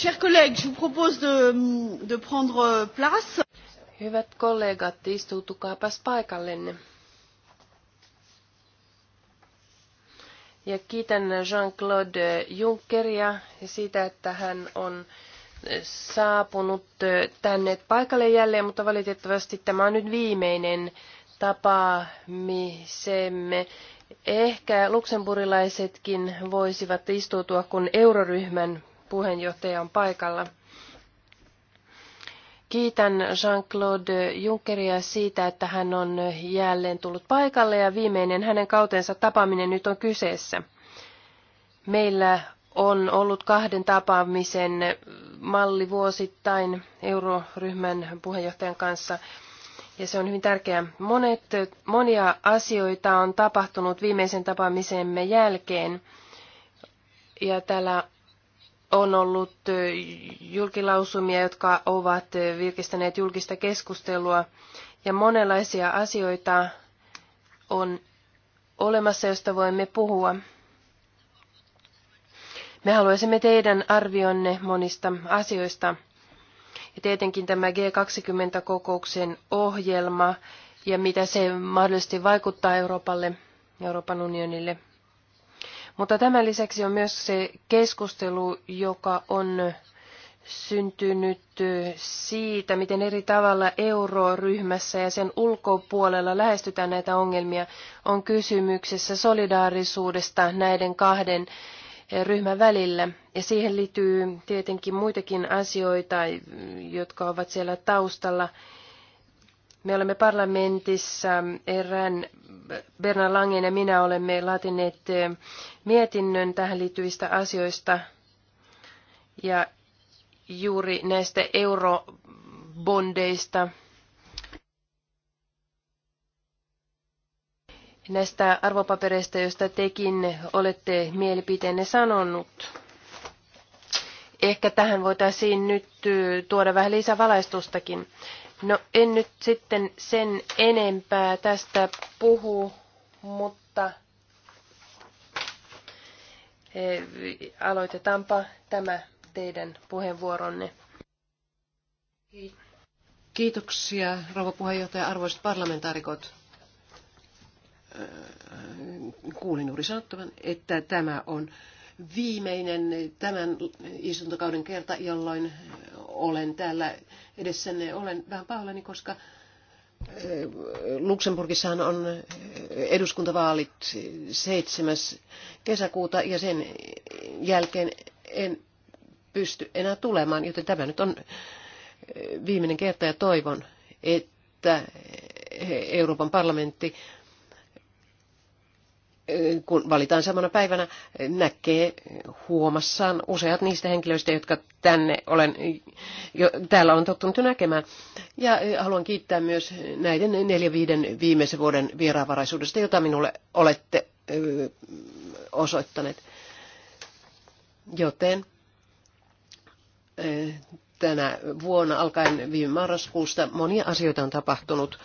Chers collègues, je vous propose de, de prendre euh, place. Hyvät kollegat, istuutukaapas paikallenne. Ja kiitän Jean-Claude Junckeria siitä, että hän on äh, saapunut äh, tänne paikalle jälleen, mutta valitettavasti tämä on nyt viimeinen tapaamisemme. Ehkä luksemburilaisetkin voisivat istutua, kun euroryhmän puheenjohtaja on paikalla. Kiitän Jean-Claude Junckeria siitä, että hän on jälleen tullut paikalle ja viimeinen hänen kautensa tapaaminen nyt on kyseessä. Meillä on ollut kahden tapaamisen malli vuosittain euroryhmän puheenjohtajan kanssa ja se on hyvin tärkeää. Monet, monia asioita on tapahtunut viimeisen tapaamisemme jälkeen ja täällä on ollut julkilausumia, jotka ovat virkistäneet julkista keskustelua ja monenlaisia asioita on olemassa, joista voimme puhua. Me haluaisimme teidän arvionne monista asioista. Ja tietenkin tämä G20-kokouksen ohjelma ja mitä se mahdollisesti vaikuttaa Euroopalle, Euroopan unionille – mutta tämän lisäksi on myös se keskustelu, joka on syntynyt siitä, miten eri tavalla euroryhmässä ja sen ulkopuolella lähestytään näitä ongelmia, on kysymyksessä solidaarisuudesta näiden kahden ryhmän välillä. Ja siihen liittyy tietenkin muitakin asioita, jotka ovat siellä taustalla. Me olemme parlamentissa, erään Berna Langen ja minä olemme laatineet eh, mietinnön tähän liittyvistä asioista ja juuri näistä eurobondeista. Näistä arvopapereista, joista tekin olette mielipiteenne sanonut. Ehkä tähän voitaisiin nyt eh, tuoda vähän lisävalaistustakin. No en nyt sitten sen enempää tästä puhu, mutta eh, aloitetaanpa tämä teidän puheenvuoronne. Kiitoksia, rouva puheenjohtaja, arvoisat parlamentaarikot. Eh, kuulin juuri sanottavan, että tämä on viimeinen tämän istuntokauden kerta, jolloin olen täällä edessänne. Olen vähän pahoillani, koska eh, Luxemburgissahan on eh, eduskuntavaalit 7. kesäkuuta ja sen jälkeen en pysty enää tulemaan, joten tämä nyt on eh, viimeinen kerta ja toivon, että Euroopan parlamentti kun valitaan samana päivänä, näkee huomassaan useat niistä henkilöistä, jotka tänne olen, jo, täällä on tottunut jo näkemään. Ja haluan kiittää myös näiden neljä viiden viimeisen vuoden vieraanvaraisuudesta, jota minulle olette osoittaneet. Joten tänä vuonna alkaen viime marraskuusta monia asioita on tapahtunut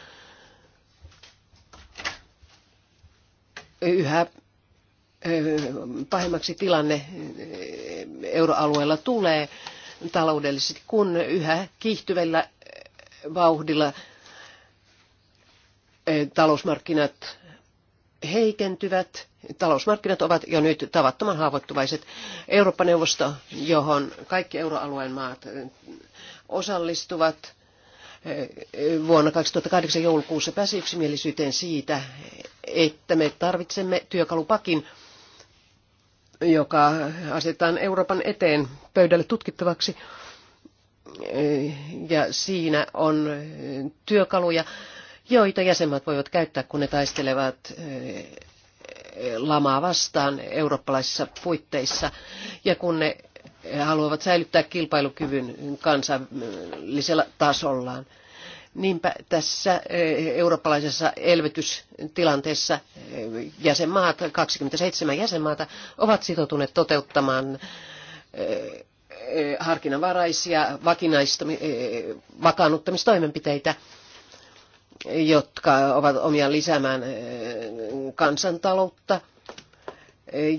yhä pahemmaksi tilanne euroalueella tulee taloudellisesti, kun yhä kiihtyvällä vauhdilla talousmarkkinat heikentyvät. Talousmarkkinat ovat jo nyt tavattoman haavoittuvaiset. Eurooppa-neuvosto, johon kaikki euroalueen maat osallistuvat, vuonna 2008 joulukuussa pääsi yksimielisyyteen siitä, että me tarvitsemme työkalupakin, joka asetetaan Euroopan eteen pöydälle tutkittavaksi. Ja siinä on työkaluja, joita jäsenmaat voivat käyttää, kun ne taistelevat eh, lamaa vastaan eurooppalaisissa puitteissa ja kun ne haluavat säilyttää kilpailukyvyn kansallisella tasollaan. Niinpä tässä eh, eurooppalaisessa elvytystilanteessa eh, jäsenmaat, 27 jäsenmaata, ovat sitoutuneet toteuttamaan eh, harkinnanvaraisia vakaannuttamistoimenpiteitä, jotka ovat omiaan lisäämään kansantaloutta –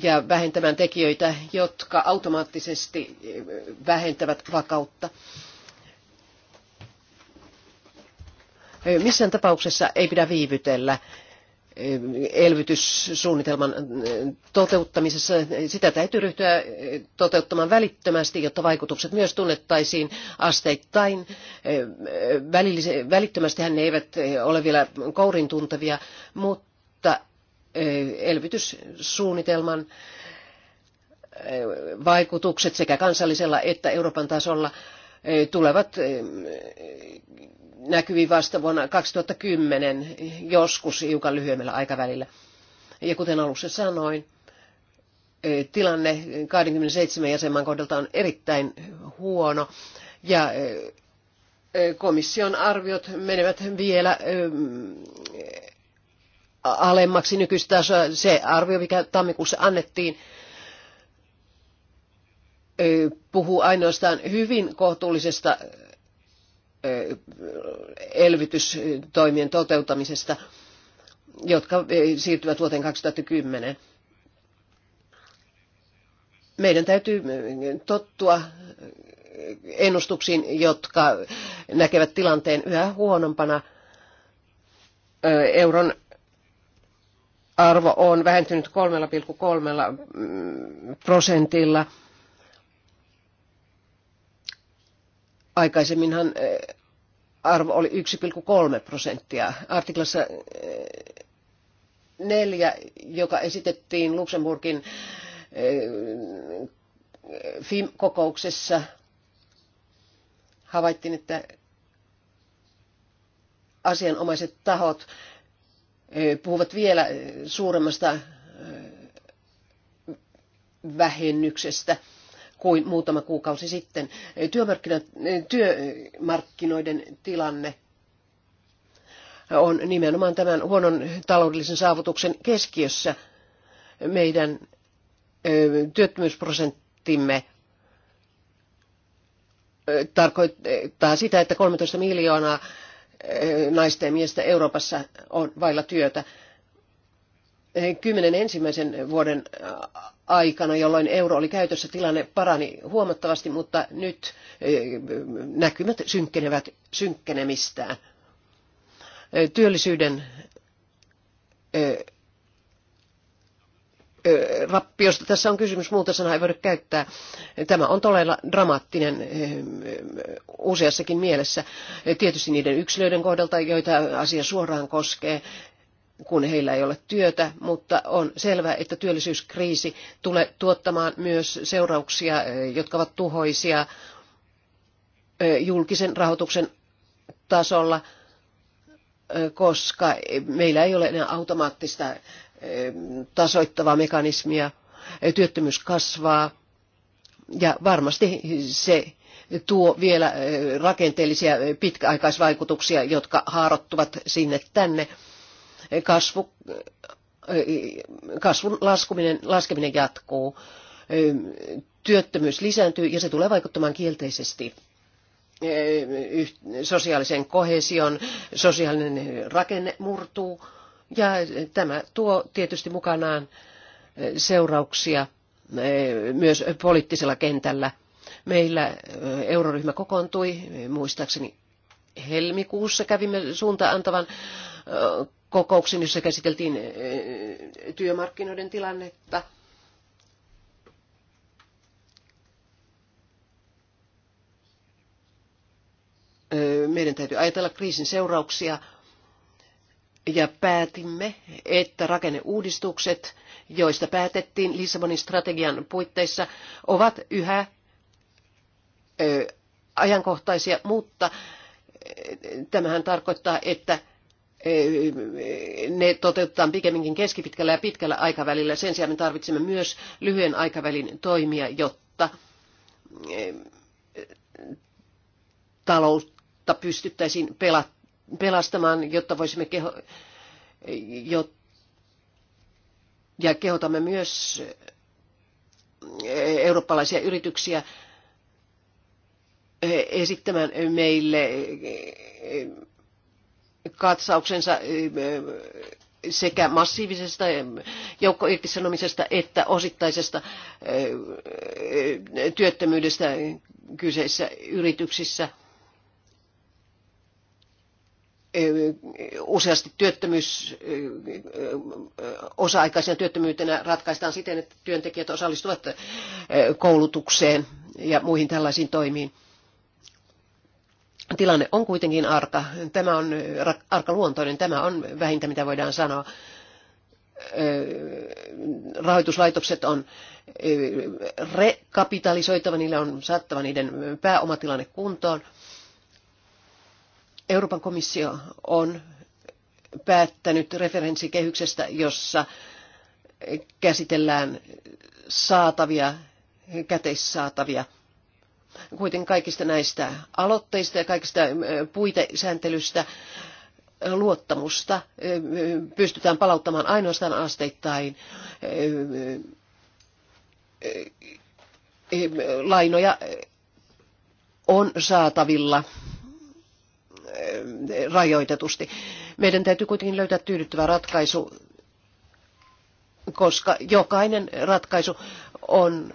ja vähentämään tekijöitä, jotka automaattisesti eh, vähentävät vakautta. Eh, missään tapauksessa ei pidä viivytellä eh, elvytyssuunnitelman toteuttamisessa. Sitä täytyy ryhtyä toteuttamaan välittömästi, jotta vaikutukset myös tunnettaisiin asteittain. Välittömästi hän eivät ole vielä kourin tuntavia, mutta elvytyssuunnitelman vaikutukset sekä kansallisella että Euroopan tasolla tulevat näkyviin vasta vuonna 2010, joskus hiukan lyhyemmällä aikavälillä. Ja kuten alussa sanoin, tilanne 27 jäsenmaan kohdalta on erittäin huono ja komission arviot menevät vielä alemmaksi nykyistä Se arvio, mikä tammikuussa annettiin, puhuu ainoastaan hyvin kohtuullisesta elvytystoimien toteuttamisesta, jotka siirtyvät vuoteen 2010. Meidän täytyy tottua ennustuksiin, jotka näkevät tilanteen yhä huonompana euron arvo on vähentynyt 3,3 mm, prosentilla. Aikaisemminhan e, arvo oli 1,3 prosenttia. Artiklassa e, neljä, joka esitettiin Luxemburgin e, FIM-kokouksessa, havaittiin, että asianomaiset tahot puhuvat vielä suuremmasta vähennyksestä kuin muutama kuukausi sitten. työmarkkinoiden tilanne on nimenomaan tämän huonon taloudellisen saavutuksen keskiössä. Meidän työttömyysprosenttimme tarkoittaa sitä, että 13 miljoonaa Eh, naista ja miestä Euroopassa on vailla työtä. Kymmenen ensimmäisen vuoden eh, aikana, jolloin euro oli käytössä, tilanne parani huomattavasti, mutta nyt eh, näkymät synkkenevät synkkenemistään. Työllisyyden rappiosta tässä on kysymys, muuta sanaa ei voida käyttää. Tämä on todella dramaattinen useassakin mielessä. Tietysti niiden yksilöiden kohdalta, joita asia suoraan koskee, kun heillä ei ole työtä, mutta on selvää, että työllisyyskriisi tulee tuottamaan myös seurauksia, jotka ovat tuhoisia julkisen rahoituksen tasolla, koska meillä ei ole enää automaattista tasoittavaa mekanismia, työttömyys kasvaa ja varmasti se tuo vielä rakenteellisia pitkäaikaisvaikutuksia, jotka haarottuvat sinne tänne. Kasvu, kasvun laskuminen, laskeminen jatkuu, työttömyys lisääntyy ja se tulee vaikuttamaan kielteisesti sosiaalisen kohesion, sosiaalinen rakenne murtuu ja tämä tuo tietysti mukanaan eh, seurauksia eh, myös poliittisella kentällä. Meillä eh, euroryhmä kokoontui, muistaakseni helmikuussa kävimme suuntaan antavan kokouksen, jossa käsiteltiin työmarkkinoiden tilannetta. Meidän täytyy ajatella kriisin seurauksia – ja päätimme, että rakenneuudistukset, joista päätettiin Lissabonin strategian puitteissa, ovat yhä ö, ajankohtaisia, mutta tämähän tarkoittaa, että ne toteutetaan pikemminkin keskipitkällä ja pitkällä aikavälillä. Sen sijaan me tarvitsemme myös lyhyen aikavälin toimia, jotta taloutta pystyttäisiin pelastamaan, jotta voisimme keho, jo, ja kehotamme myös eurooppalaisia yrityksiä esittämään meille katsauksensa sekä massiivisesta joukkoirtisanomisesta että osittaisesta työttömyydestä kyseisissä yrityksissä – useasti työttömyys osa-aikaisena työttömyytenä ratkaistaan siten, että työntekijät osallistuvat koulutukseen ja muihin tällaisiin toimiin. Tilanne on kuitenkin arka. Tämä on arka luontoinen. Tämä on vähintä, mitä voidaan sanoa rahoituslaitokset on rekapitalisoitava, niillä on saattava niiden pääomatilanne kuntoon. Euroopan komissio on päättänyt referenssikehyksestä, jossa käsitellään saatavia, käteissaatavia. Kuitenkin kaikista näistä aloitteista ja kaikista puitesääntelystä luottamusta pystytään palauttamaan ainoastaan asteittain lainoja on saatavilla rajoitetusti. Meidän täytyy kuitenkin löytää tyydyttävä ratkaisu, koska jokainen ratkaisu on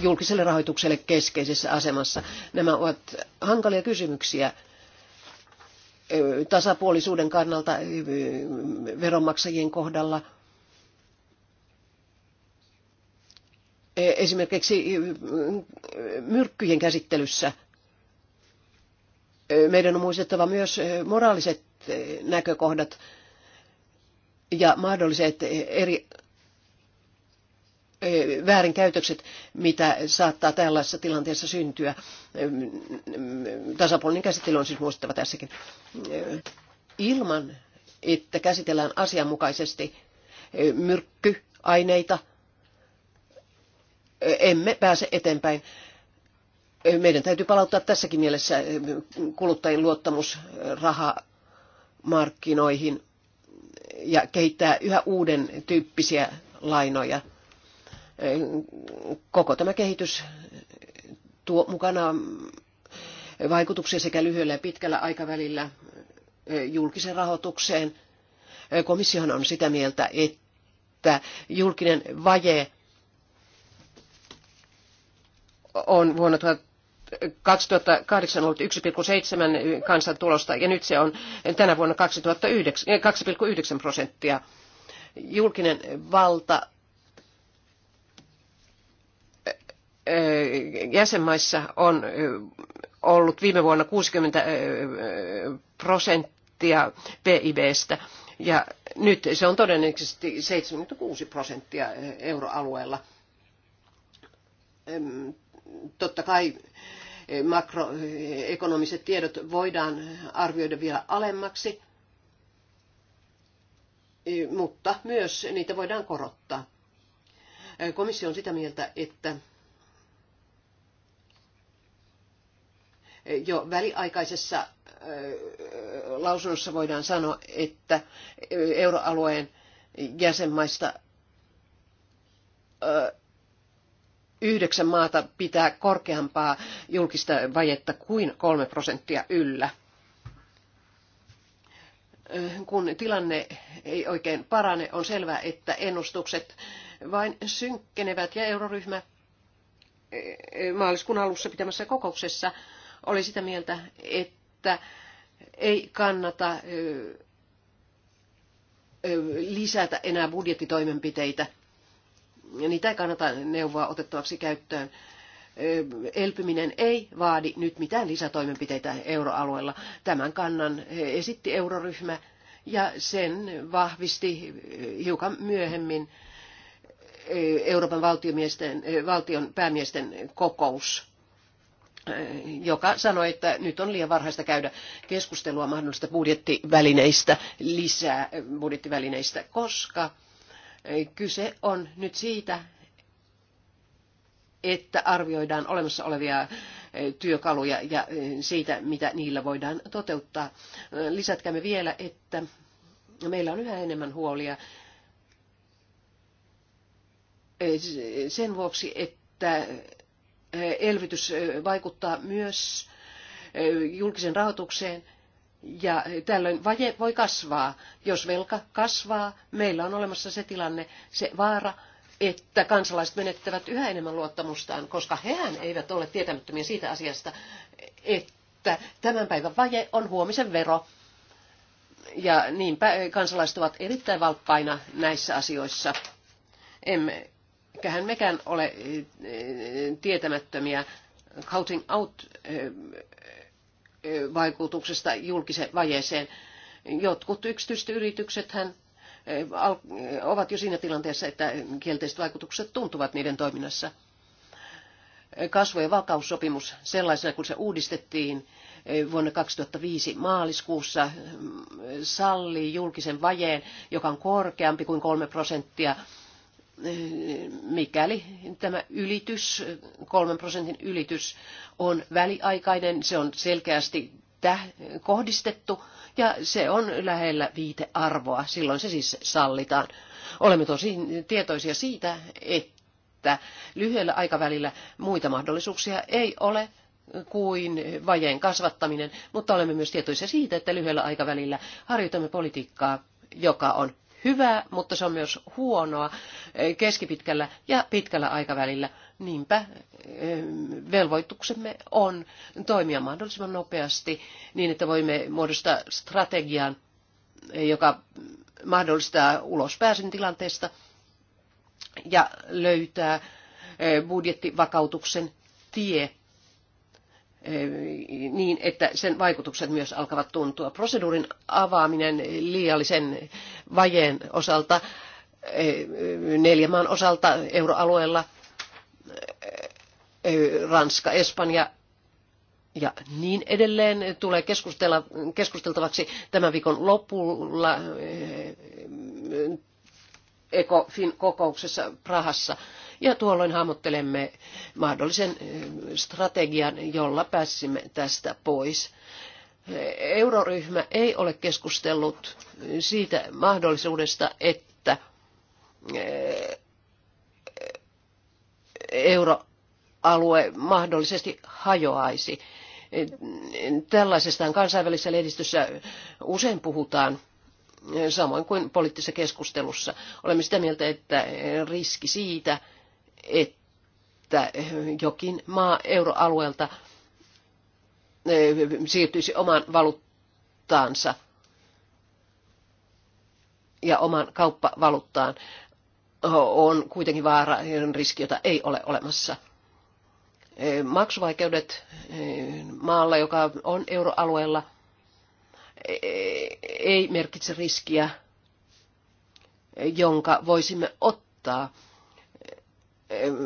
julkiselle rahoitukselle keskeisessä asemassa. Nämä ovat hankalia kysymyksiä tasapuolisuuden kannalta veronmaksajien kohdalla. E, esimerkiksi myrkkyjen käsittelyssä meidän on muistettava myös moraaliset näkökohdat ja mahdolliset eri väärinkäytökset, mitä saattaa tällaisessa tilanteessa syntyä. Tasapuolinen käsittely on siis muistettava tässäkin. Ilman, että käsitellään asianmukaisesti myrkkyaineita, emme pääse eteenpäin meidän täytyy palauttaa tässäkin mielessä eh, kuluttajien luottamus eh, rahamarkkinoihin ja kehittää yhä uuden tyyppisiä lainoja. Eh, koko tämä kehitys tuo mukana vaikutuksia sekä lyhyellä ja pitkällä aikavälillä julkisen rahoitukseen. Komissiohan on sitä mieltä, että julkinen vaje on vuonna 2008 ollut 1,7 kansantulosta ja nyt se on tänä vuonna 2,9 eh, prosenttia. Julkinen valta eh, eh, jäsenmaissa on ollut viime vuonna 60 prosenttia PIBstä ja nyt se on todennäköisesti 76 prosenttia euroalueella. Totta kai makroekonomiset tiedot voidaan arvioida vielä alemmaksi, mutta myös niitä voidaan korottaa. Komissio on sitä mieltä, että jo väliaikaisessa lausunnossa voidaan sanoa, että euroalueen jäsenmaista yhdeksän maata pitää korkeampaa julkista vajetta kuin kolme prosenttia yllä. Kun tilanne ei oikein parane, on selvää, että ennustukset vain synkkenevät ja euroryhmä eh, maaliskuun alussa pitämässä kokouksessa oli sitä mieltä, että ei kannata eh, eh, lisätä enää budjettitoimenpiteitä – niitä ei kannata neuvoa otettavaksi käyttöön. Elpyminen ei vaadi nyt mitään lisätoimenpiteitä euroalueella. Tämän kannan esitti euroryhmä ja sen vahvisti hiukan myöhemmin Euroopan valtion päämiesten kokous joka sanoi, että nyt on liian varhaista käydä keskustelua mahdollisista budjettivälineistä, lisää budjettivälineistä, koska Kyse on nyt siitä, että arvioidaan olemassa olevia työkaluja ja siitä, mitä niillä voidaan toteuttaa. Lisätkäämme vielä, että meillä on yhä enemmän huolia sen vuoksi, että elvytys vaikuttaa myös julkisen rahoitukseen – ja tällöin vaje voi kasvaa. Jos velka kasvaa, meillä on olemassa se tilanne, se vaara, että kansalaiset menettävät yhä enemmän luottamustaan, koska hehän eivät ole tietämättömiä siitä asiasta, että tämän päivän vaje on huomisen vero. Ja niinpä kansalaiset ovat erittäin valppaina näissä asioissa. Emmeköhän mekään ole eh, tietämättömiä. Counting out eh, vaikutuksesta julkisen vajeeseen. Jotkut yksityiset yrityksethän ovat jo siinä tilanteessa, että kielteiset vaikutukset tuntuvat niiden toiminnassa. Kasvu- ja vakaussopimus sellaisena kuin se uudistettiin vuonna 2005 maaliskuussa sallii julkisen vajeen, joka on korkeampi kuin 3 prosenttia mikäli tämä ylitys, kolmen prosentin ylitys on väliaikainen, se on selkeästi kohdistettu ja se on lähellä viitearvoa. Silloin se siis sallitaan. Olemme tosi tietoisia siitä, että lyhyellä aikavälillä muita mahdollisuuksia ei ole kuin vajeen kasvattaminen, mutta olemme myös tietoisia siitä, että lyhyellä aikavälillä harjoitamme politiikkaa, joka on hyvä, mutta se on myös huonoa eh, keskipitkällä ja pitkällä aikavälillä. Niinpä eh, velvoituksemme on toimia mahdollisimman nopeasti niin, että voimme muodostaa strategian, eh, joka mahdollistaa ulospääsyn tilanteesta ja löytää budjettivakautuksen tie niin, että sen vaikutukset myös alkavat tuntua. Proseduurin avaaminen liiallisen vajeen osalta, neljämaan osalta euroalueella, Ranska, Espanja ja niin edelleen tulee keskustella, keskusteltavaksi tämän viikon lopulla ECOFIN kokouksessa Prahassa ja tuolloin hahmottelemme mahdollisen eh, strategian, jolla pääsimme tästä pois. Euroryhmä ei ole keskustellut siitä mahdollisuudesta, että eh, euroalue mahdollisesti hajoaisi. Tällaisesta kansainvälisessä lehdistössä usein puhutaan, eh, samoin kuin poliittisessa keskustelussa. Olemme sitä mieltä, että riski siitä, että jokin maa euroalueelta siirtyisi oman valuuttaansa ja oman kauppavaluuttaan on kuitenkin vaara riski, jota ei ole olemassa. Maksuvaikeudet maalla, joka on euroalueella, e, ei merkitse riskiä, jonka voisimme ottaa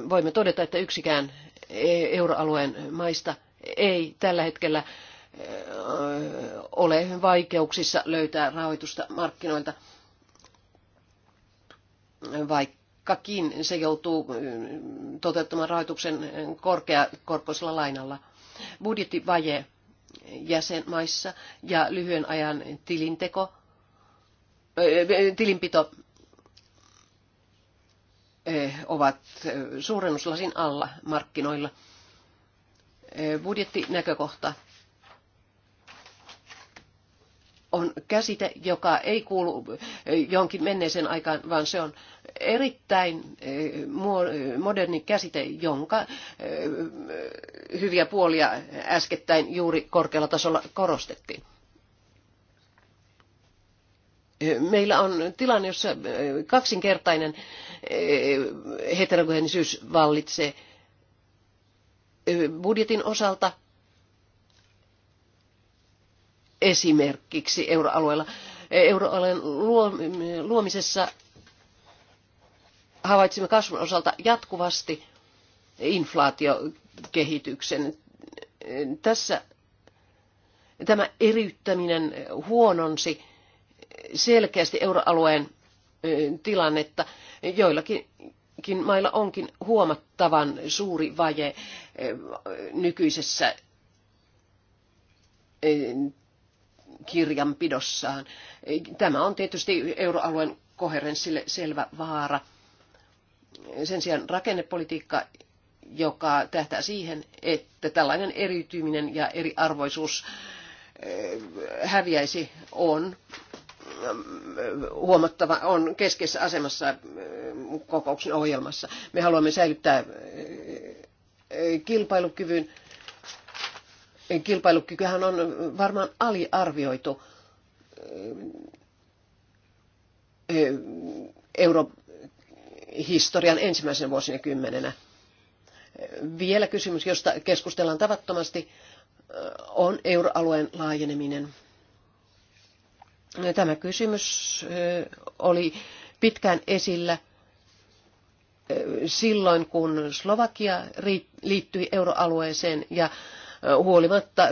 voimme todeta, että yksikään e, euroalueen maista ei tällä hetkellä ole vaikeuksissa löytää rahoitusta markkinoilta, vaikkakin se joutuu toteuttamaan rahoituksen korkeakorkoisella lainalla. Budjettivaje jäsenmaissa ja lyhyen ajan tilinteko, tilinpito Eh, ovat eh, suurennuslasin alla markkinoilla. Eh, budjettinäkökohta on käsite, joka ei kuulu jonkin menneeseen aikaan, vaan se on erittäin moderni käsite, jonka hyviä puolia äskettäin juuri korkealla tasolla korostettiin. Meillä on tilanne, jossa kaksinkertainen heterogeenisyys vallitsee budjetin osalta esimerkiksi euroalueella. Euroalueen luomisessa havaitsimme kasvun osalta jatkuvasti inflaatiokehityksen. Tässä tämä eriyttäminen huononsi selkeästi euroalueen tilannetta. Joillakin mailla onkin huomattavan suuri vaje nykyisessä kirjanpidossaan. Tämä on tietysti euroalueen koherenssille selvä vaara. Sen sijaan rakennepolitiikka, joka tähtää siihen, että tällainen eriytyminen ja eriarvoisuus häviäisi, on huomattava, on keskeisessä asemassa äh, kokouksen ohjelmassa. Me haluamme säilyttää äh, kilpailukyvyn. Kilpailukykyhän on varmaan aliarvioitu äh, eurohistorian ensimmäisenä vuosikymmenenä. Vielä kysymys, josta keskustellaan tavattomasti, on euroalueen laajeneminen. Tämä kysymys oli pitkään esillä silloin, kun Slovakia liittyi euroalueeseen ja huolimatta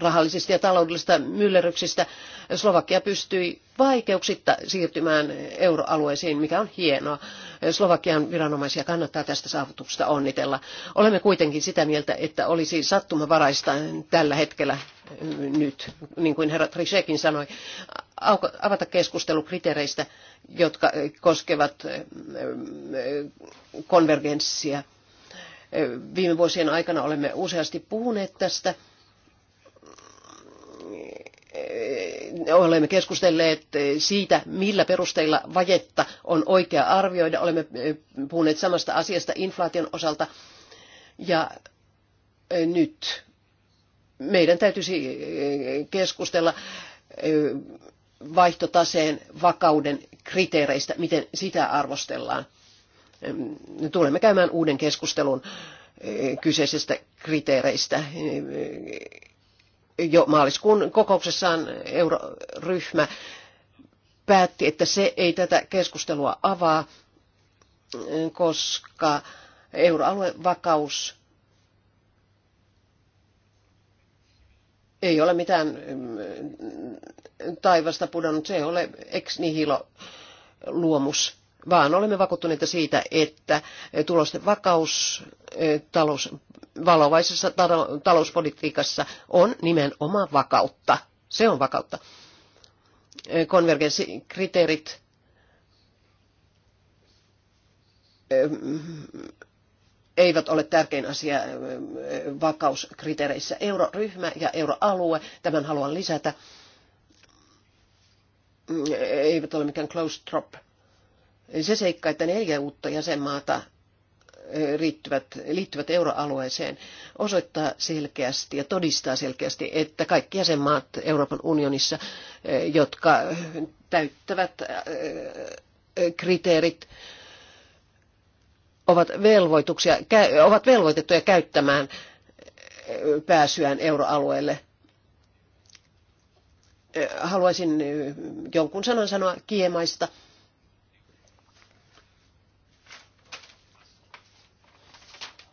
rahallisista ja taloudellisista myllerryksistä Slovakia pystyi vaikeuksitta siirtymään euroalueeseen, mikä on hienoa. Slovakian viranomaisia kannattaa tästä saavutuksesta onnitella. Olemme kuitenkin sitä mieltä, että olisi sattumavaraista tällä hetkellä nyt, niin kuin herra Trisekin sanoi, avata keskustelu kriteereistä, jotka koskevat konvergenssia. Viime vuosien aikana olemme useasti puhuneet tästä olemme keskustelleet siitä, millä perusteilla vajetta on oikea arvioida. Olemme puhuneet samasta asiasta inflaation osalta. Ja nyt meidän täytyisi keskustella vaihtotaseen vakauden kriteereistä, miten sitä arvostellaan. Tulemme käymään uuden keskustelun kyseisestä kriteereistä jo maaliskuun kokouksessaan euroryhmä päätti, että se ei tätä keskustelua avaa, koska euroalueen vakaus ei ole mitään mm, taivasta pudonnut, se ei ole ex nihilo luomus vaan olemme vakuuttuneita siitä, että tulosten vakaus talous, valovaisessa talouspolitiikassa on nimenomaan vakautta. Se on vakautta. Konvergenssikriteerit eivät ole tärkein asia vakauskriteereissä. Euroryhmä ja euroalue, tämän haluan lisätä, mm, eivät ole mikään closed drop se seikka, että neljä uutta jäsenmaata riittyvät, liittyvät euroalueeseen, osoittaa selkeästi ja todistaa selkeästi, että kaikki jäsenmaat Euroopan unionissa, jotka täyttävät kriteerit, ovat, velvoituksia, ovat velvoitettuja käyttämään pääsyään euroalueelle. Haluaisin jonkun sanan sanoa kiemaista.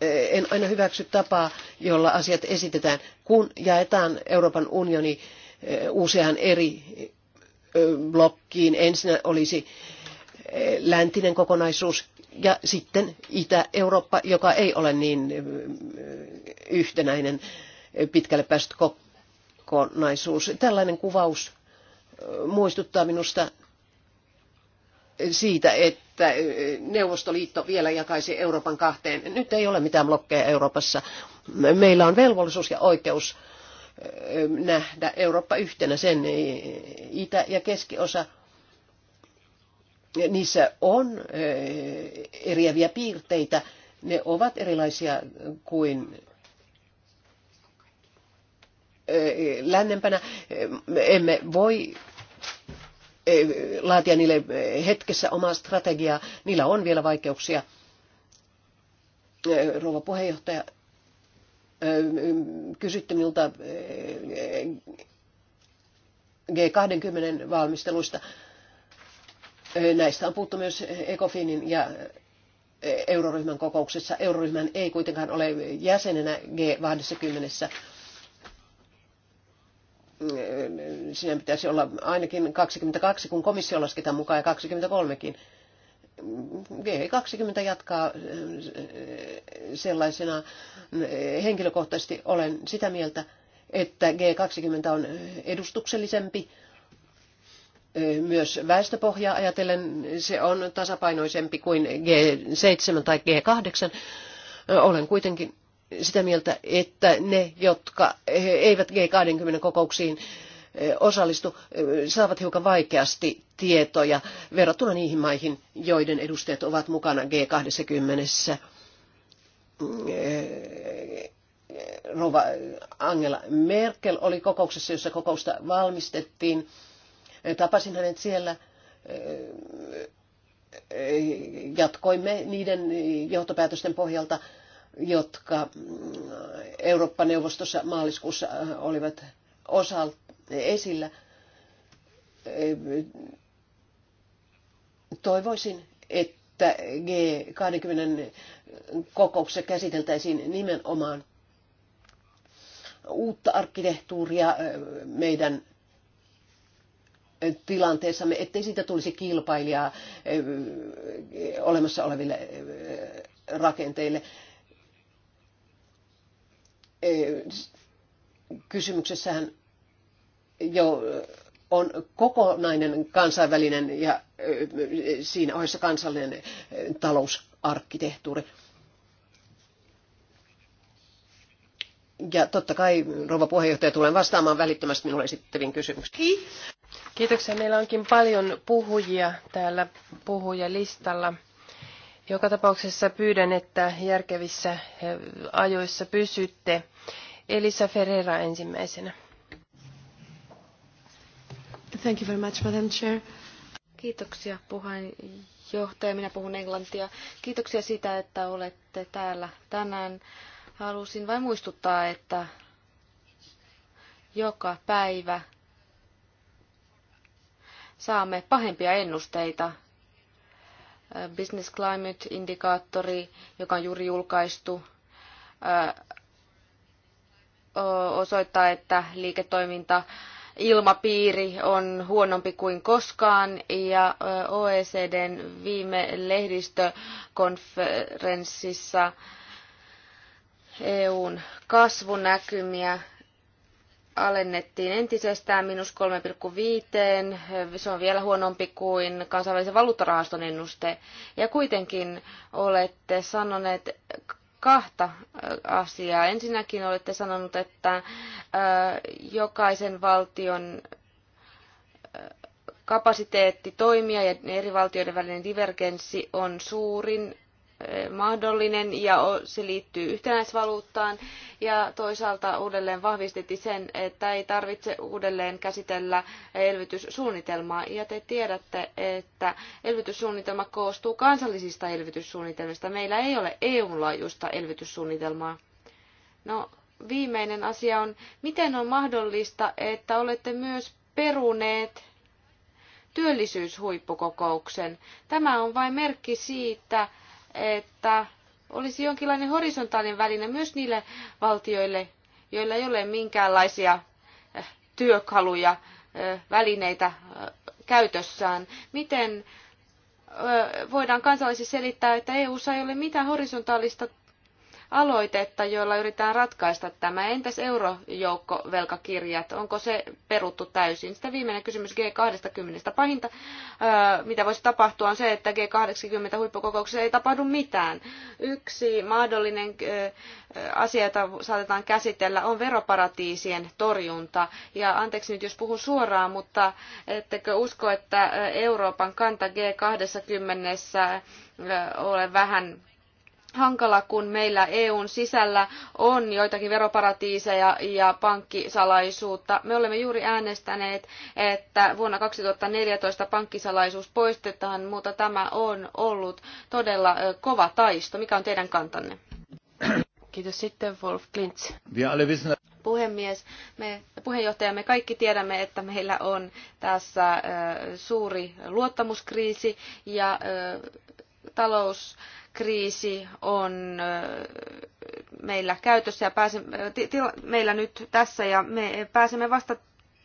Eh, en aina hyväksy tapaa, jolla asiat esitetään, kun jaetaan Euroopan unioni eh, useaan eri eh, blokkiin. Ensin olisi läntinen kokonaisuus ja sitten Itä-Eurooppa, joka ei ole niin yhtenäinen pitkälle päästy kokonaisuus. Tällainen kuvaus muistuttaa minusta siitä, että Neuvostoliitto vielä jakaisi Euroopan kahteen. Nyt ei ole mitään blokkeja Euroopassa. Meillä on velvollisuus ja oikeus nähdä Eurooppa yhtenä sen itä- ja keskiosa. Niissä on eriäviä piirteitä. Ne ovat erilaisia kuin lännempänä. Emme voi Eh, laatia niille hetkessä omaa strategiaa. Niillä on vielä vaikeuksia. Eh, rouva puheenjohtaja, eh, kysytte minulta G20 valmisteluista. Näistä on puhuttu myös Ecofinin ja euroryhmän kokouksessa. Euroryhmän ei kuitenkaan ole jäsenenä G20 siinä pitäisi olla ainakin 22, kun komissio lasketaan mukaan ja 23kin. G20 jatkaa eh, sellaisena. Henkilökohtaisesti olen sitä mieltä, että G20 on edustuksellisempi eh, myös väestöpohja ajatellen se on tasapainoisempi kuin G7 tai G8. Eh, olen kuitenkin sitä mieltä, että ne, jotka eivät G20-kokouksiin osallistu, saavat hiukan vaikeasti tietoja verrattuna niihin maihin, joiden edustajat ovat mukana G20. Rova Angela Merkel oli kokouksessa, jossa kokousta valmistettiin. Tapasin hänet siellä. Jatkoimme niiden johtopäätösten pohjalta, jotka mm, Eurooppa-neuvostossa maaliskuussa äh, olivat osalta esillä. Äh, toivoisin, että G20 kokouksessa käsiteltäisiin nimenomaan uutta arkkitehtuuria äh, meidän tilanteessamme, ettei siitä tulisi kilpailijaa olemassa oleville rakenteille kysymyksessähän jo on kokonainen kansainvälinen ja siinä ohessa kansallinen talousarkkitehtuuri. Ja totta kai, rouva puheenjohtaja, tulen vastaamaan välittömästi minulle esittäviin kysymyksiin. Kiitoksia. Meillä onkin paljon puhujia täällä puhujalistalla. listalla. Joka tapauksessa pyydän, että järkevissä eh, ajoissa pysytte. Elisa Ferreira ensimmäisenä. Thank you very much, Madam Chair. Kiitoksia puheenjohtaja. Minä puhun englantia. Kiitoksia siitä, että olette täällä tänään. Halusin vain muistuttaa, että joka päivä saamme pahempia ennusteita Business Climate-indikaattori, joka on juuri julkaistu, osoittaa, että liiketoiminta ilmapiiri on huonompi kuin koskaan ja OECDn viime lehdistökonferenssissa EUn kasvunäkymiä alennettiin entisestään minus 3,5. Se on vielä huonompi kuin kansainvälisen valuuttarahaston ennuste. Ja kuitenkin olette sanoneet kahta äh, asiaa. Ensinnäkin olette sanonut, että äh, jokaisen valtion äh, kapasiteetti toimia ja eri valtioiden välinen divergenssi on suurin mahdollinen ja se liittyy yhtenäisvaluuttaan. Ja toisaalta uudelleen vahvistettiin sen, että ei tarvitse uudelleen käsitellä elvytyssuunnitelmaa. Ja te tiedätte, että elvytyssuunnitelma koostuu kansallisista elvytyssuunnitelmista. Meillä ei ole EU-laajuista elvytyssuunnitelmaa. No, viimeinen asia on, miten on mahdollista, että olette myös peruneet työllisyyshuippukokouksen. Tämä on vain merkki siitä, että olisi jonkinlainen horisontaalinen väline myös niille valtioille, joilla ei ole minkäänlaisia eh, työkaluja, eh, välineitä eh, käytössään. Miten voidaan kansalaisille selittää, että EU ei ole mitään horisontaalista aloitetta, jolla yritetään ratkaista tämä. Entäs eurojoukkovelkakirjat? Onko se peruttu täysin? Sitten viimeinen kysymys G20. Pahinta, mitä voisi tapahtua, on se, että g 20 huippukokouksessa ei tapahdu mitään. Yksi mahdollinen asia, jota saatetaan käsitellä, on veroparatiisien torjunta. Ja anteeksi nyt, jos puhun suoraan, mutta ettekö usko, että Euroopan kanta G20 ole vähän hankala, kun meillä EUn sisällä on joitakin veroparatiiseja ja pankkisalaisuutta. Me olemme juuri äänestäneet, että vuonna 2014 pankkisalaisuus poistetaan, mutta tämä on ollut todella kova taisto. Mikä on teidän kantanne? Kiitos sitten Wolf Klintz. Puhemies, me puheenjohtaja, me kaikki tiedämme, että meillä on tässä suuri luottamuskriisi ja talous kriisi on meillä käytössä ja pääsemme, meillä nyt tässä ja me pääsemme vasta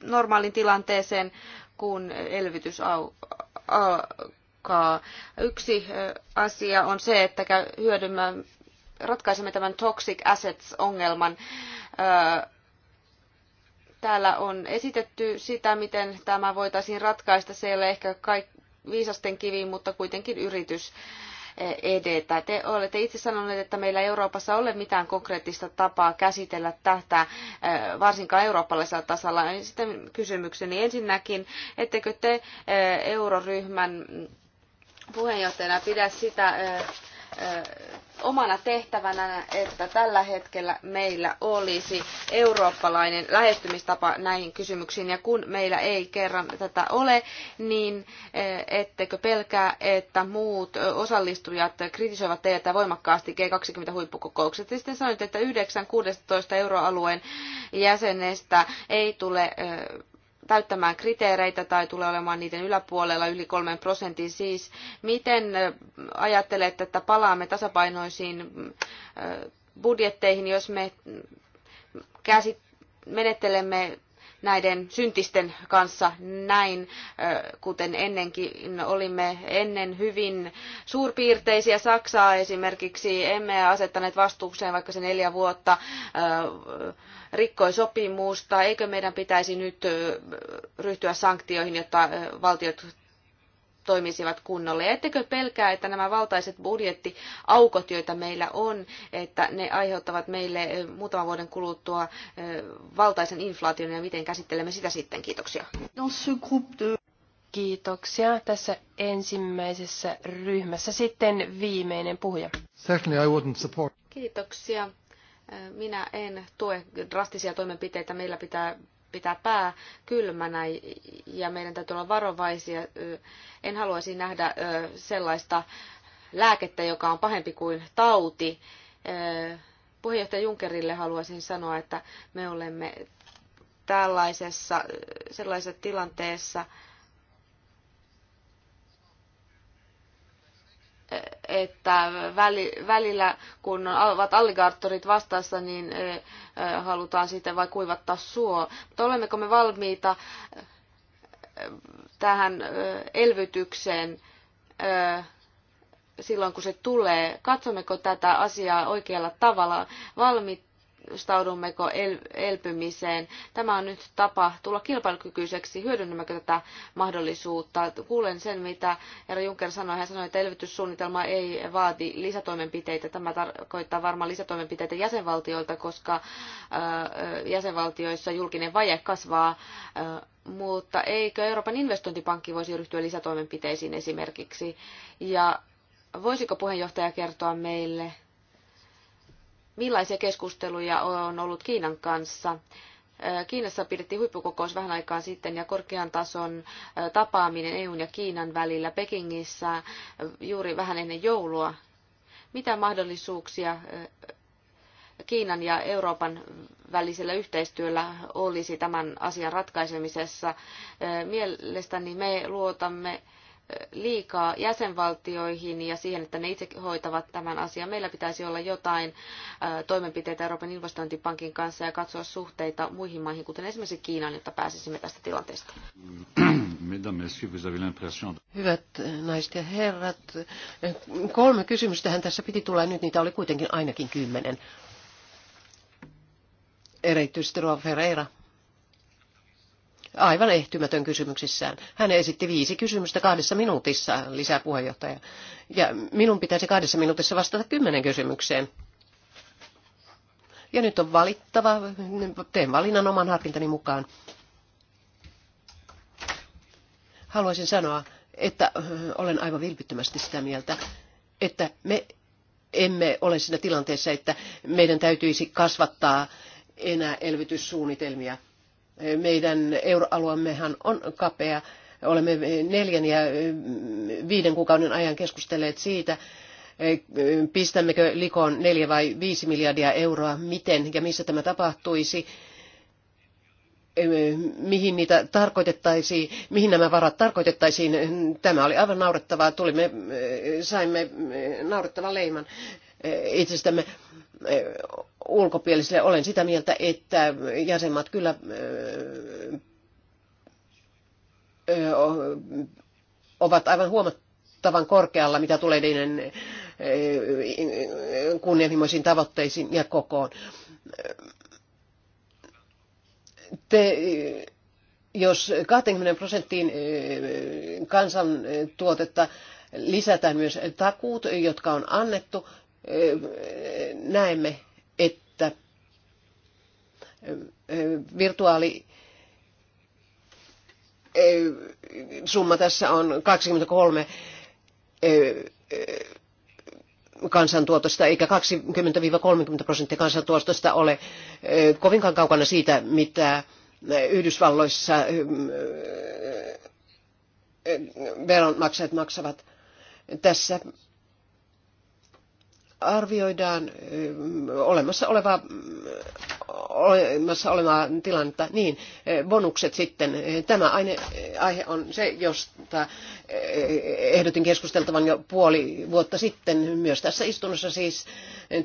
normaalin tilanteeseen, kun elvytys alkaa. Yksi asia on se, että hyödymme, ratkaisemme tämän toxic assets-ongelman. Täällä on esitetty sitä, miten tämä voitaisiin ratkaista. Se ei ole ehkä kaikki viisasten kivi, mutta kuitenkin yritys edetä. Te olette itse sanoneet, että meillä Euroopassa ole mitään konkreettista tapaa käsitellä tätä, eh, varsinkaan eurooppalaisella tasalla. Sitten kysymykseni ensinnäkin, ettekö te eh, euroryhmän puheenjohtajana pidä sitä eh, omana tehtävänä, että tällä hetkellä meillä olisi eurooppalainen lähestymistapa näihin kysymyksiin. Ja kun meillä ei kerran tätä ole, niin ettekö pelkää, että muut osallistujat kritisoivat teitä voimakkaasti G20-huippukokouksesta. Sitten sanoit, että 9-16 euroalueen jäsenestä ei tule täyttämään kriteereitä tai tulee olemaan niiden yläpuolella yli kolmen prosentin siis. Miten ajattelette, että palaamme tasapainoisiin budjetteihin, jos me käsit- menettelemme näiden syntisten kanssa näin, kuten ennenkin olimme ennen hyvin suurpiirteisiä. Saksaa esimerkiksi emme asettaneet vastuukseen, vaikka se neljä vuotta rikkoi sopimusta. Eikö meidän pitäisi nyt ryhtyä sanktioihin, jotta valtiot toimisivat kunnolla. Ja ettekö pelkää, että nämä valtaiset budjettiaukot, joita meillä on, että ne aiheuttavat meille eh, muutaman vuoden kuluttua eh, valtaisen inflaation ja miten käsittelemme sitä sitten? Kiitoksia. Kiitoksia. Tässä ensimmäisessä ryhmässä sitten viimeinen puhuja. Kiitoksia. Eh, minä en tue drastisia toimenpiteitä. Meillä pitää pitää pää kylmänä ja meidän täytyy olla varovaisia. En haluaisi nähdä sellaista lääkettä, joka on pahempi kuin tauti. Puheenjohtaja Junkerille haluaisin sanoa, että me olemme tällaisessa sellaisessa tilanteessa, että välillä kun ovat alligaattorit vastassa, niin halutaan sitten vai kuivattaa suo. Mutta olemmeko me valmiita tähän elvytykseen silloin, kun se tulee? Katsommeko tätä asiaa oikealla tavalla? Valmiit valmistaudummeko elpymiseen. Tämä on nyt tapa tulla kilpailukykyiseksi, hyödynnämmekö tätä mahdollisuutta. Kuulen sen, mitä herra Juncker sanoi. Hän sanoi, että elvytyssuunnitelma ei vaati lisätoimenpiteitä. Tämä tarkoittaa varmaan lisätoimenpiteitä jäsenvaltioilta, koska jäsenvaltioissa julkinen vaje kasvaa mutta eikö Euroopan investointipankki voisi ryhtyä lisätoimenpiteisiin esimerkiksi? Ja voisiko puheenjohtaja kertoa meille millaisia keskusteluja on ollut Kiinan kanssa. Äh, Kiinassa pidettiin huippukokous vähän aikaa sitten ja korkean tason äh, tapaaminen EUn ja Kiinan välillä Pekingissä äh, juuri vähän ennen joulua. Mitä mahdollisuuksia Kiinan ja Euroopan välisellä yhteistyöllä olisi tämän asian ratkaisemisessa? Mielestäni me luotamme liikaa jäsenvaltioihin ja siihen, että ne itse hoitavat tämän asian. Meillä pitäisi olla jotain toimenpiteitä Euroopan investointipankin kanssa ja katsoa suhteita muihin maihin, kuten esimerkiksi Kiinaan, jotta pääsisimme tästä tilanteesta. Hyvät naiset ja herrat, kolme kysymystähän tässä piti tulla nyt, niitä oli kuitenkin ainakin kymmenen. Erityisesti Rova Ferreira aivan ehtymätön kysymyksissään. Hän esitti viisi kysymystä kahdessa minuutissa, lisää puheenjohtaja. Ja minun pitäisi kahdessa minuutissa vastata kymmenen kysymykseen. Ja nyt on valittava, teen valinnan oman harkintani mukaan. Haluaisin sanoa, että olen aivan vilpittömästi sitä mieltä, että me emme ole siinä tilanteessa, että meidän täytyisi kasvattaa enää elvytyssuunnitelmia – meidän euroalueemmehan on kapea. Olemme neljän ja viiden kuukauden ajan keskustelleet siitä, pistämmekö likoon neljä vai viisi miljardia euroa, miten ja missä tämä tapahtuisi mihin niitä tarkoitettaisiin, mihin nämä varat tarkoitettaisiin. Tämä oli aivan naurettavaa. Tulimme, saimme naurettavan leiman itsestämme. Ulkopuolisille Olen sitä mieltä, että jäsenmaat kyllä ovat aivan huomattavan korkealla, mitä tulee niiden kunnianhimoisiin tavoitteisiin ja kokoon. Te, jos 20 prosenttiin kansantuotetta lisätään myös takuut, jotka on annettu, näemme, että virtuaali summa tässä on 23 kansantuotosta, eikä 20-30 prosenttia kansantuotosta ole kovinkaan kaukana siitä, mitä Yhdysvalloissa veronmaksajat maksavat. Tässä arvioidaan olemassa olevaa olemassa olevaa tilannetta, niin bonukset sitten. Tämä aine, aihe on se, josta ehdotin keskusteltavan jo puoli vuotta sitten. Myös tässä istunnossa siis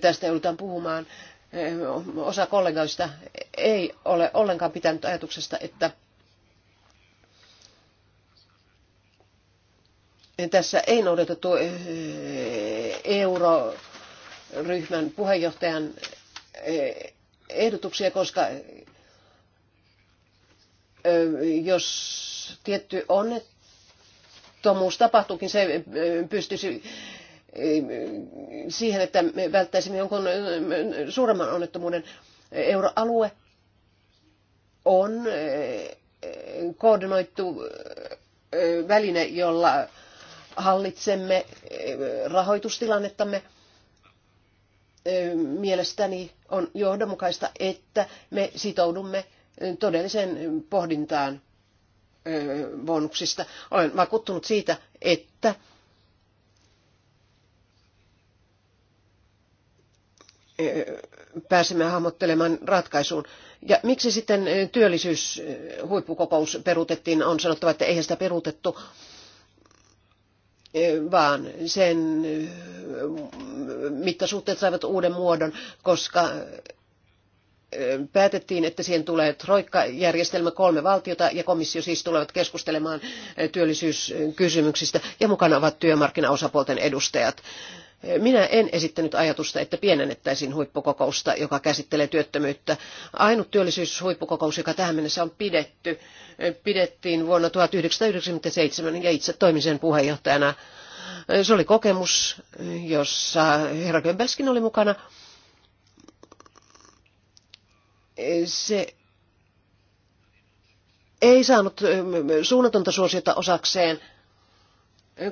tästä joudutaan puhumaan. Osa kollegoista ei ole ollenkaan pitänyt ajatuksesta, että tässä ei noudatettu euro ryhmän puheenjohtajan eh, ehdotuksia, koska eh, jos tietty onnettomuus tapahtuukin, se eh, pystyisi siihen, että me välttäisimme jonkun suuremman onnettomuuden. Euroalue on koordinoitu väline, jolla hallitsemme rahoitustilannettamme – mielestäni on johdonmukaista, että me sitoudumme todelliseen pohdintaan bonuksista. Olen vakuuttunut siitä, että pääsemme hahmottelemaan ratkaisuun. Ja miksi sitten työllisyyshuippukokous peruutettiin? On sanottava, että eihän sitä peruutettu vaan sen mittasuhteet saivat uuden muodon, koska päätettiin, että siihen tulee troikkajärjestelmä kolme valtiota ja komissio siis tulevat keskustelemaan työllisyyskysymyksistä ja mukana ovat työmarkkinaosapuolten edustajat. Minä en esittänyt ajatusta, että pienennettäisiin huippukokousta, joka käsittelee työttömyyttä. Ainut työllisyyshuippukokous, joka tähän mennessä on pidetty, pidettiin vuonna 1997 ja itse toimin sen puheenjohtajana. Se oli kokemus, jossa herra Gömbelskin oli mukana. Se ei saanut suunnatonta suosiota osakseen –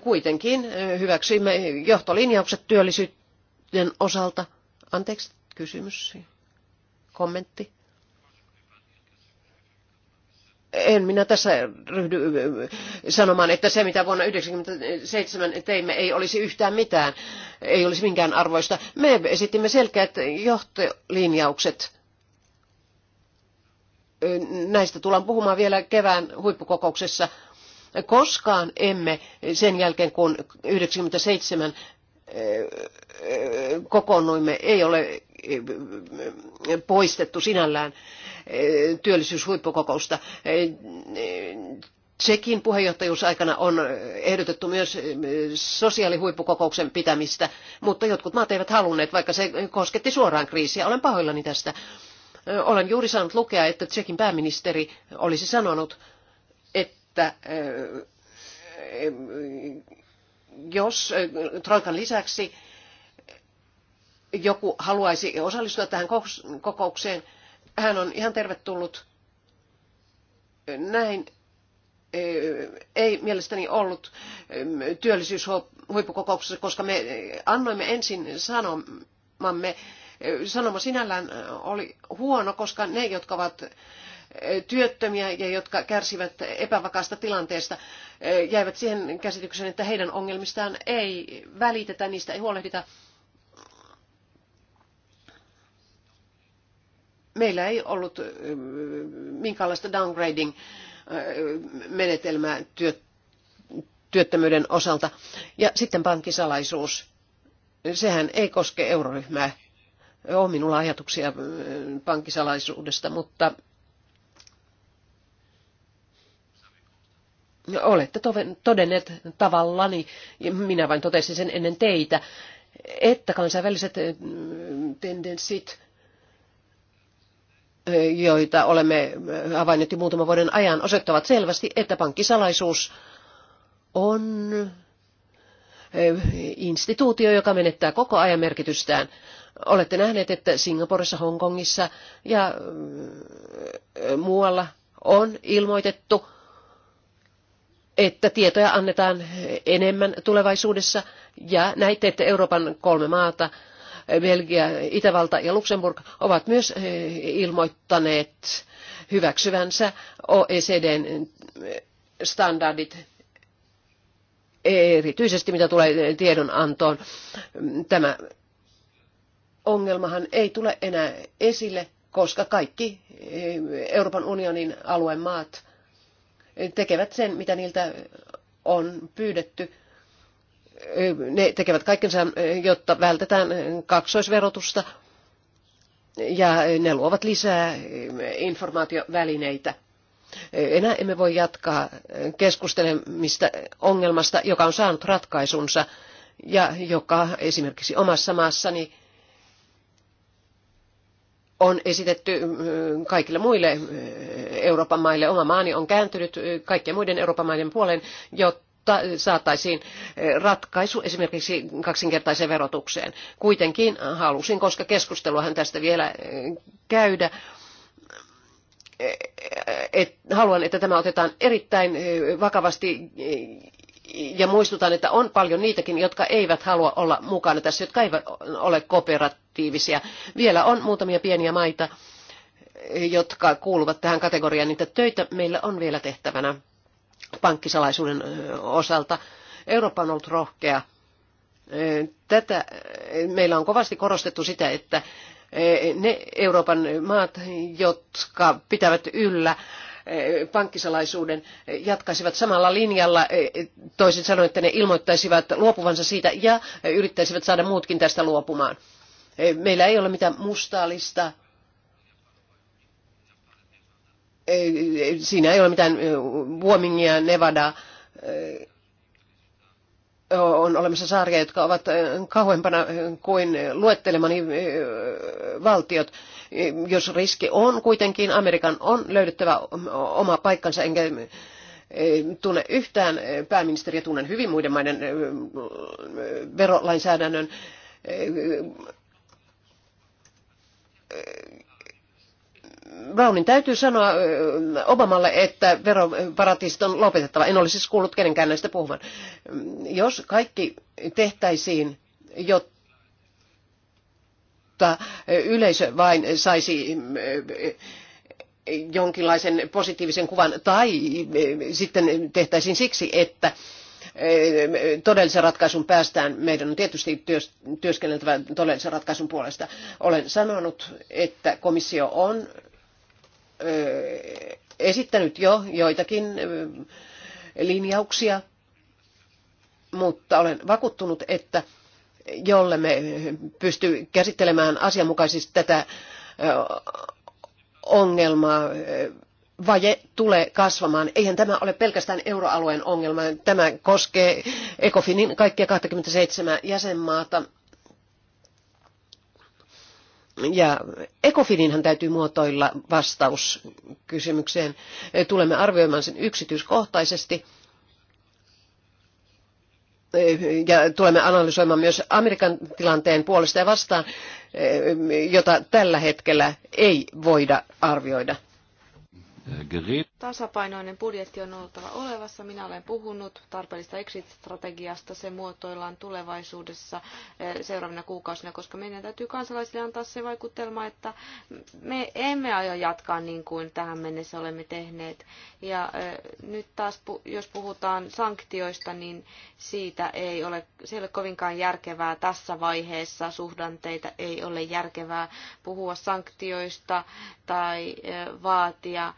kuitenkin hyväksyimme johtolinjaukset työllisyyden osalta. Anteeksi, kysymys, kommentti. En minä tässä ryhdy sanomaan, että se mitä vuonna 1997 teimme ei olisi yhtään mitään, ei olisi minkään arvoista. Me esitimme selkeät johtolinjaukset. Näistä tullaan puhumaan vielä kevään huippukokouksessa Koskaan emme sen jälkeen, kun 97 eh, eh, kokoonnuimme, ei ole eh, poistettu sinällään työllisyyshuippukokousta. Tsekin puheenjohtajuusaikana on ehdotettu myös sosiaalihuippukokouksen pitämistä, mutta jotkut maat eivät halunneet, vaikka se kosketti suoraan kriisiä. Olen pahoillani tästä. Olen juuri saanut lukea, että Tsekin pääministeri olisi sanonut, että että jos Troikan lisäksi joku haluaisi osallistua tähän kokoukseen, hän on ihan tervetullut. Näin ei mielestäni ollut työllisyyshuippukokouksessa, koska me annoimme ensin sanomamme. Sanoma sinällään oli huono, koska ne, jotka ovat työttömiä ja jotka kärsivät epävakaasta tilanteesta, eh, jäivät siihen käsitykseen, että heidän ongelmistaan ei välitetä, niistä ei huolehdita. Meillä ei ollut eh, minkäänlaista downgrading-menetelmää eh, työttömyyden osalta. Ja sitten pankkisalaisuus. Sehän ei koske euroryhmää. On minulla ajatuksia pankkisalaisuudesta, mutta olette todenneet tavallani, minä vain totesin sen ennen teitä, että kansainväliset tendenssit, joita olemme havainneet jo muutaman vuoden ajan, osoittavat selvästi, että pankkisalaisuus on instituutio, joka menettää koko ajan merkitystään. Olette nähneet, että Singaporessa, Hongkongissa ja muualla on ilmoitettu että tietoja annetaan enemmän tulevaisuudessa. Ja näitte, että Euroopan kolme maata, Belgia, Itävalta ja Luxemburg ovat myös eh, ilmoittaneet hyväksyvänsä OECDn eh, standardit erityisesti mitä tulee tiedonantoon. Tämä ongelmahan ei tule enää esille, koska kaikki eh, Euroopan unionin alueen maat tekevät sen, mitä niiltä on pyydetty. Ne tekevät kaikkensa, jotta vältetään kaksoisverotusta ja ne luovat lisää informaatiovälineitä. Enää emme voi jatkaa keskustelemista ongelmasta, joka on saanut ratkaisunsa ja joka esimerkiksi omassa maassani on esitetty kaikille muille Euroopan maille. Oma maani on kääntynyt kaikkien muiden Euroopan maiden puoleen, jotta saataisiin ratkaisu esimerkiksi kaksinkertaiseen verotukseen. Kuitenkin halusin, koska keskusteluahan tästä vielä käydä, et, haluan, että tämä otetaan erittäin vakavasti ja muistutan, että on paljon niitäkin, jotka eivät halua olla mukana tässä, jotka eivät ole kooperatiivisia. Vielä on muutamia pieniä maita, jotka kuuluvat tähän kategoriaan, niitä töitä meillä on vielä tehtävänä pankkisalaisuuden osalta. Eurooppa on ollut rohkea. Tätä, meillä on kovasti korostettu sitä, että ne Euroopan maat, jotka pitävät yllä pankkisalaisuuden jatkaisivat samalla linjalla, e, toisin sanoen, että ne ilmoittaisivat luopuvansa siitä ja yrittäisivät saada muutkin tästä luopumaan. E, meillä ei ole mitään mustaa listaa. E, siinä ei ole mitään Womingia, Nevadaa. On olemassa saaria, jotka ovat kauempana kuin luettelemani valtiot jos riski on kuitenkin, Amerikan on löydettävä oma paikkansa, enkä eh, tunne yhtään eh, pääministeriä, tunnen hyvin muiden maiden eh, verolainsäädännön Brownin täytyy sanoa Obamalle, että veroparatiisit on lopetettava. En olisi siis kuullut kenenkään näistä puhuvan. Jos kaikki tehtäisiin, jotta jotta yleisö vain saisi jonkinlaisen positiivisen kuvan tai sitten tehtäisiin siksi, että todellisen ratkaisun päästään. Meidän on tietysti työskenneltävä todellisen ratkaisun puolesta. Olen sanonut, että komissio on esittänyt jo joitakin linjauksia, mutta olen vakuuttunut, että jolle me pysty käsittelemään asianmukaisesti tätä ongelmaa, vaje tulee kasvamaan. Eihän tämä ole pelkästään euroalueen ongelma. Tämä koskee ECOFINin kaikkia 27 jäsenmaata. Ja Ecofininhan täytyy muotoilla vastaus kysymykseen. Tulemme arvioimaan sen yksityiskohtaisesti ja tulemme analysoimaan myös Amerikan tilanteen puolesta ja vastaan, jota tällä hetkellä ei voida arvioida. Tasapainoinen budjetti on oltava olevassa. Minä olen puhunut tarpeellista exit-strategiasta. Se muotoillaan tulevaisuudessa eh, seuraavina kuukausina, koska meidän täytyy kansalaisille antaa se vaikutelma, että me emme aio jatkaa niin kuin tähän mennessä olemme tehneet. Ja eh, nyt taas, jos puhutaan sanktioista, niin siitä ei ole, se ei ole kovinkaan järkevää tässä vaiheessa. Suhdanteita ei ole järkevää puhua sanktioista tai eh, vaatia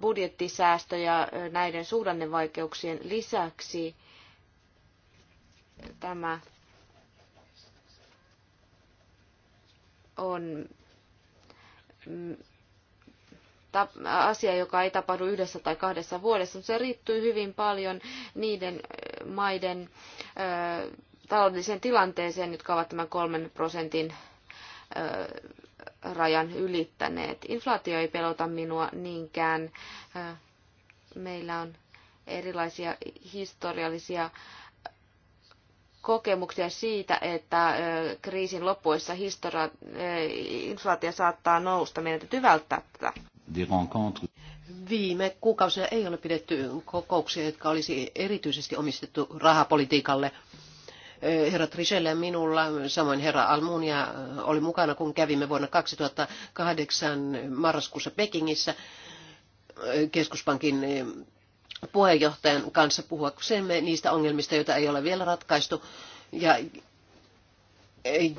budjettisäästöjä näiden suhdannevaikeuksien lisäksi. Tämä on mm, asia, joka ei tapahdu yhdessä tai kahdessa vuodessa, mutta se riittyy hyvin paljon niiden maiden taloudelliseen tilanteeseen, jotka ovat tämän kolmen prosentin rajan ylittäneet. Inflaatio ei pelota minua niinkään. Meillä on erilaisia historiallisia kokemuksia siitä, että kriisin loppuessa historia, inflaatio saattaa nousta. Meidän täytyy välttää tätä. Viime kuukausina ei ole pidetty kokouksia, jotka olisi erityisesti omistettu rahapolitiikalle – herra ja minulla, samoin herra Almunia oli mukana, kun kävimme vuonna 2008 marraskuussa Pekingissä keskuspankin puheenjohtajan kanssa puhuaksemme niistä ongelmista, joita ei ole vielä ratkaistu ja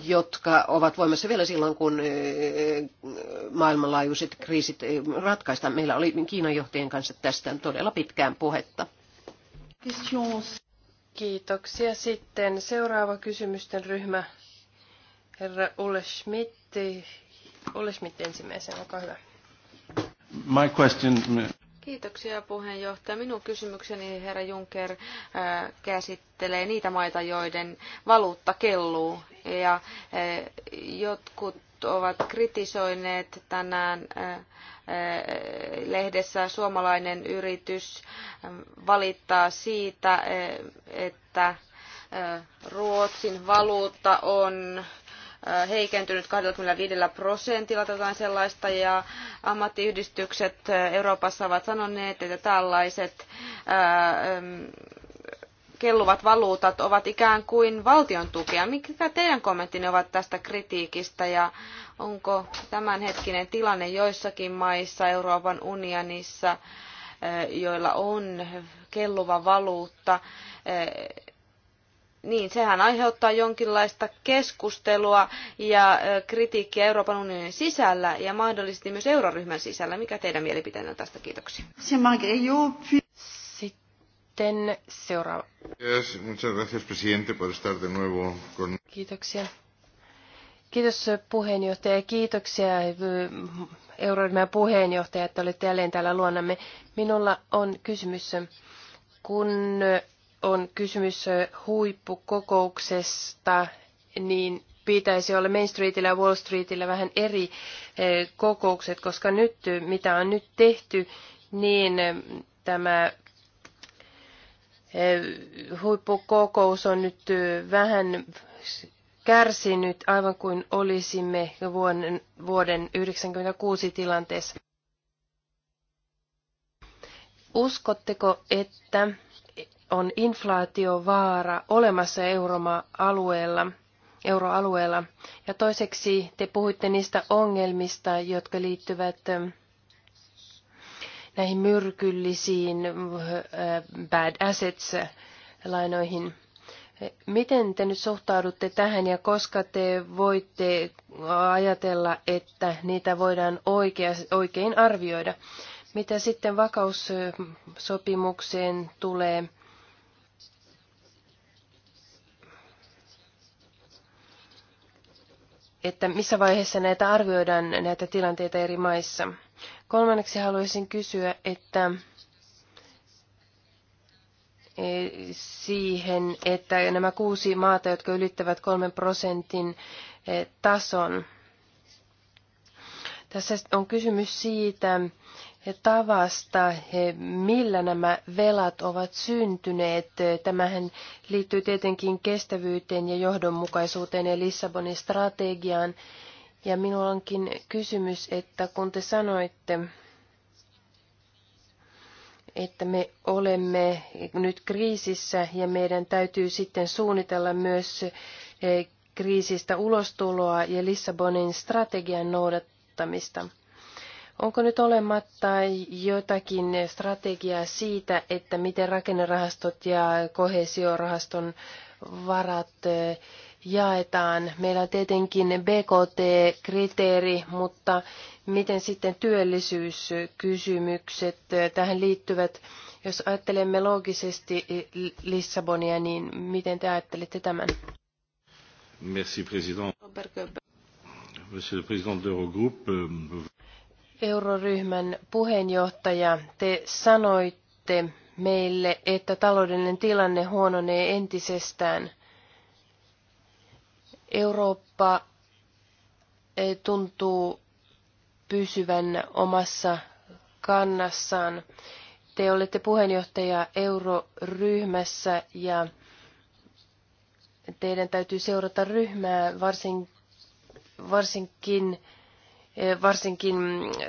jotka ovat voimassa vielä silloin, kun maailmanlaajuiset kriisit ratkaistaan. Meillä oli Kiinan johtajien kanssa tästä todella pitkään puhetta. Kiitoksia. Sitten seuraava kysymysten ryhmä. Herra Ulle Schmidt. Ulle Schmidt ensimmäisenä, olkaa hyvä. My question... Kiitoksia puheenjohtaja. Minun kysymykseni, herra Juncker, käsittelee niitä maita, joiden valuutta kelluu. Ja jotkut ovat kritisoineet tänään lehdessä suomalainen yritys valittaa siitä, että Ruotsin valuutta on heikentynyt 25 prosentilla tai jotain sellaista ja ammattiyhdistykset Euroopassa ovat sanoneet, että tällaiset kelluvat valuutat ovat ikään kuin valtion tukea. Mikä teidän kommenttinne ovat tästä kritiikistä ja onko tämänhetkinen tilanne joissakin maissa Euroopan unionissa, eh, joilla on kelluva valuutta, eh, niin sehän aiheuttaa jonkinlaista keskustelua ja eh, kritiikkiä Euroopan unionin sisällä ja mahdollisesti myös euroryhmän sisällä. Mikä teidän mielipiteenne on tästä? Kiitoksia. Sitten seuraava. Kiitoksia. Kiitos eh, puheenjohtaja ja kiitoksia eh, euroryhmän puheenjohtaja, että olette jälleen täällä luonnamme. Minulla on kysymys, eh, kun on kysymys huippukokouksesta, niin pitäisi olla Main Streetillä ja Wall Streetillä vähän eri kokoukset, koska nyt mitä on nyt tehty, niin tämä huippukokous on nyt vähän kärsinyt, aivan kuin olisimme vuoden, vuoden 1996 tilanteessa. Uskotteko, että on inflaatiovaara olemassa euroalueella? euroalueella? Ja toiseksi te puhuitte niistä ongelmista, jotka liittyvät näihin myrkyllisiin äh, bad assets lainoihin. Miten te nyt suhtaudutte tähän ja koska te voitte ajatella, että niitä voidaan oikea, oikein arvioida? Mitä sitten vakaussopimukseen tulee? Että missä vaiheessa näitä arvioidaan näitä tilanteita eri maissa? Kolmanneksi haluaisin kysyä, että e, siihen, että nämä kuusi maata, jotka ylittävät kolmen prosentin e, tason. Tässä on kysymys siitä e, tavasta, millä nämä velat ovat syntyneet. Tämähän liittyy tietenkin kestävyyteen ja johdonmukaisuuteen ja Lissabonin strategiaan. Ja minulla onkin kysymys, että kun te sanoitte, että me olemme nyt kriisissä ja meidän täytyy sitten suunnitella myös eh, kriisistä ulostuloa ja Lissabonin strategian noudattamista. Onko nyt olematta jotakin strategiaa siitä, että miten rakennerahastot ja kohesiorahaston varat eh, jaetaan. Meillä on tietenkin BKT-kriteeri, mutta miten sitten työllisyyskysymykset tähän liittyvät? Jos ajattelemme loogisesti Lissabonia, niin miten te ajattelette tämän? Merci, président. Monsieur le président de euh, Euroryhmän puheenjohtaja, te sanoitte meille, että taloudellinen tilanne huononee entisestään – Eurooppa eh, tuntuu pysyvän omassa kannassaan. Te olette puheenjohtaja euroryhmässä ja teidän täytyy seurata ryhmää varsin, varsinkin, eh, varsinkin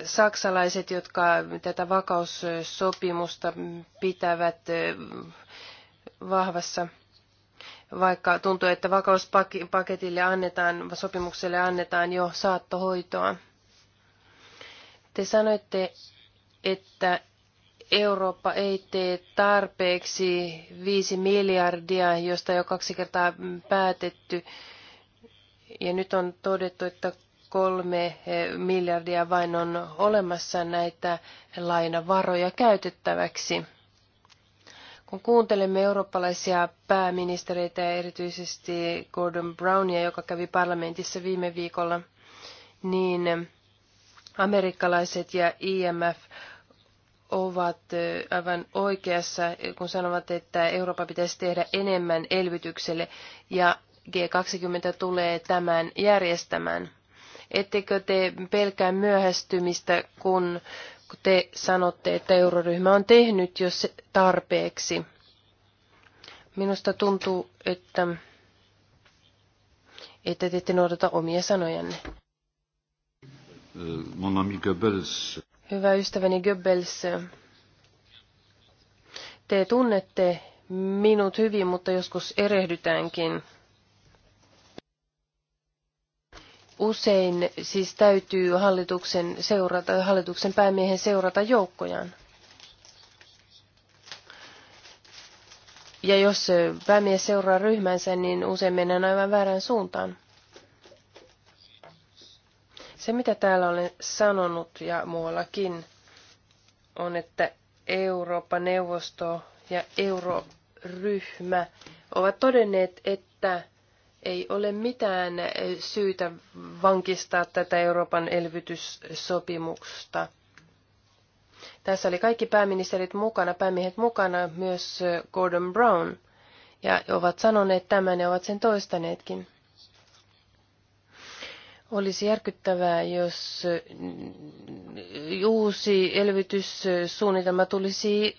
saksalaiset, jotka tätä vakaussopimusta pitävät eh, vahvassa vaikka tuntuu, että vakauspaketille annetaan, sopimukselle annetaan jo saattohoitoa. Te sanoitte, että Eurooppa ei tee tarpeeksi viisi miljardia, josta jo kaksi kertaa päätetty. Ja nyt on todettu, että kolme miljardia vain on olemassa näitä lainavaroja käytettäväksi. Kun kuuntelemme eurooppalaisia pääministereitä ja erityisesti Gordon Brownia, joka kävi parlamentissa viime viikolla, niin amerikkalaiset ja IMF ovat aivan oikeassa, kun sanovat, että Eurooppa pitäisi tehdä enemmän elvytykselle ja G20 tulee tämän järjestämään. Ettekö te pelkää myöhästymistä, kun kun te sanotte, että euroryhmä on tehnyt jo tarpeeksi. Minusta tuntuu, että, että te ette noudata omia sanojanne. Euh, mon ami Goebbels. Hyvä ystäväni Goebbels, te tunnette minut hyvin, mutta joskus erehdytäänkin. Usein siis täytyy hallituksen, seurata, hallituksen päämiehen seurata joukkojaan. Ja jos päämies seuraa ryhmänsä, niin usein mennään aivan väärään suuntaan. Se, mitä täällä olen sanonut ja muuallakin, on, että Eurooppa-neuvosto ja euroryhmä ovat todenneet, että ei ole mitään eh, syytä vankistaa tätä Euroopan elvytyssopimusta. Tässä oli kaikki pääministerit mukana, päämiehet mukana, myös eh, Gordon Brown, ja ovat sanoneet tämän ja ovat sen toistaneetkin. Olisi järkyttävää, jos eh, uusi elvytyssuunnitelma tulisi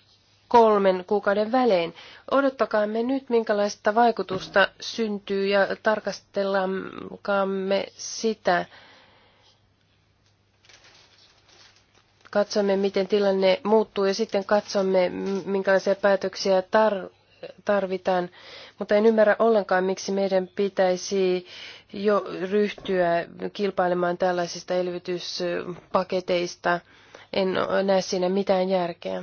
kolmen kuukauden välein. Odottakaamme nyt, minkälaista vaikutusta syntyy ja tarkastellaamme sitä. Katsomme, miten tilanne muuttuu ja sitten katsomme, minkälaisia päätöksiä tar- tarvitaan. Mutta en ymmärrä ollenkaan, miksi meidän pitäisi jo ryhtyä kilpailemaan tällaisista elvytyspaketeista. En näe siinä mitään järkeä.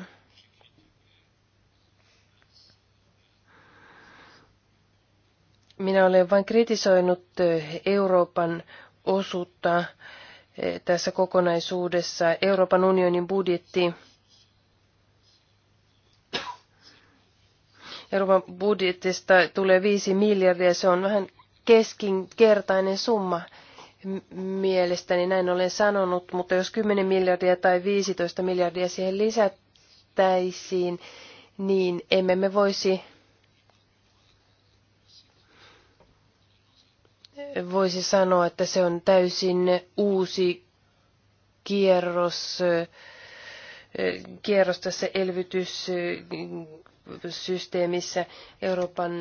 Minä olen vain kritisoinut Euroopan osuutta tässä kokonaisuudessa. Euroopan unionin budjetti Euroopan budjetista tulee 5 miljardia, se on vähän keskinkertainen summa mielestäni, näin olen sanonut, mutta jos 10 miljardia tai 15 miljardia siihen lisättäisiin, niin emme me voisi voisi sanoa, että se on täysin uusi kierros, kierros tässä elvytyssysteemissä. Euroopan,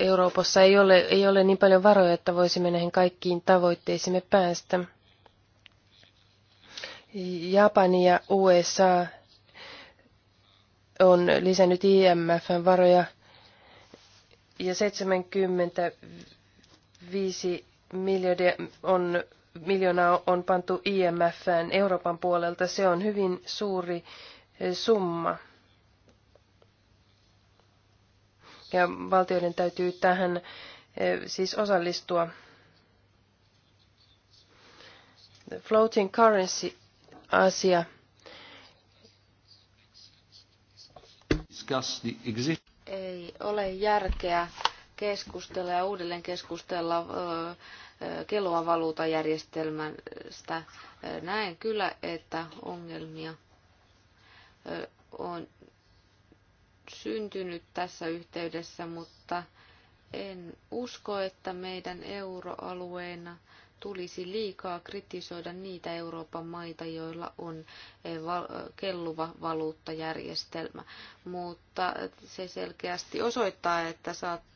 Euroopassa ei ole, ei ole niin paljon varoja, että voisimme näihin kaikkiin tavoitteisiin päästä. Japani ja USA on lisännyt IMFn varoja ja 70 Viisi miljardia on, miljoonaa on pantu IMFn Euroopan puolelta. Se on hyvin suuri eh, summa. Ja valtioiden täytyy tähän eh, siis osallistua. The floating currency asia. Ei ole järkeä keskustella ja uudelleen keskustella kelloa valuutajärjestelmästä. Näen kyllä, että ongelmia on syntynyt tässä yhteydessä, mutta en usko, että meidän euroalueena tulisi liikaa kritisoida niitä Euroopan maita, joilla on kelluva valuuttajärjestelmä. Mutta se selkeästi osoittaa, että saattaa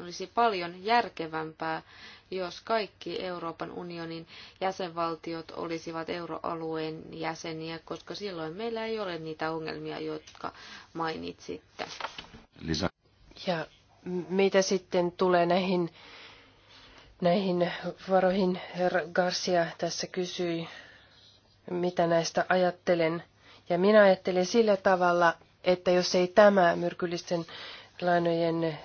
olisi paljon järkevämpää, jos kaikki Euroopan unionin jäsenvaltiot olisivat euroalueen jäseniä, koska silloin meillä ei ole niitä ongelmia, jotka mainitsitte. Lisä. Ja mitä sitten tulee näihin, näihin varoihin, herra Garcia tässä kysyi, mitä näistä ajattelen. Ja minä ajattelen sillä tavalla, että jos ei tämä myrkyllisten lainojen eh,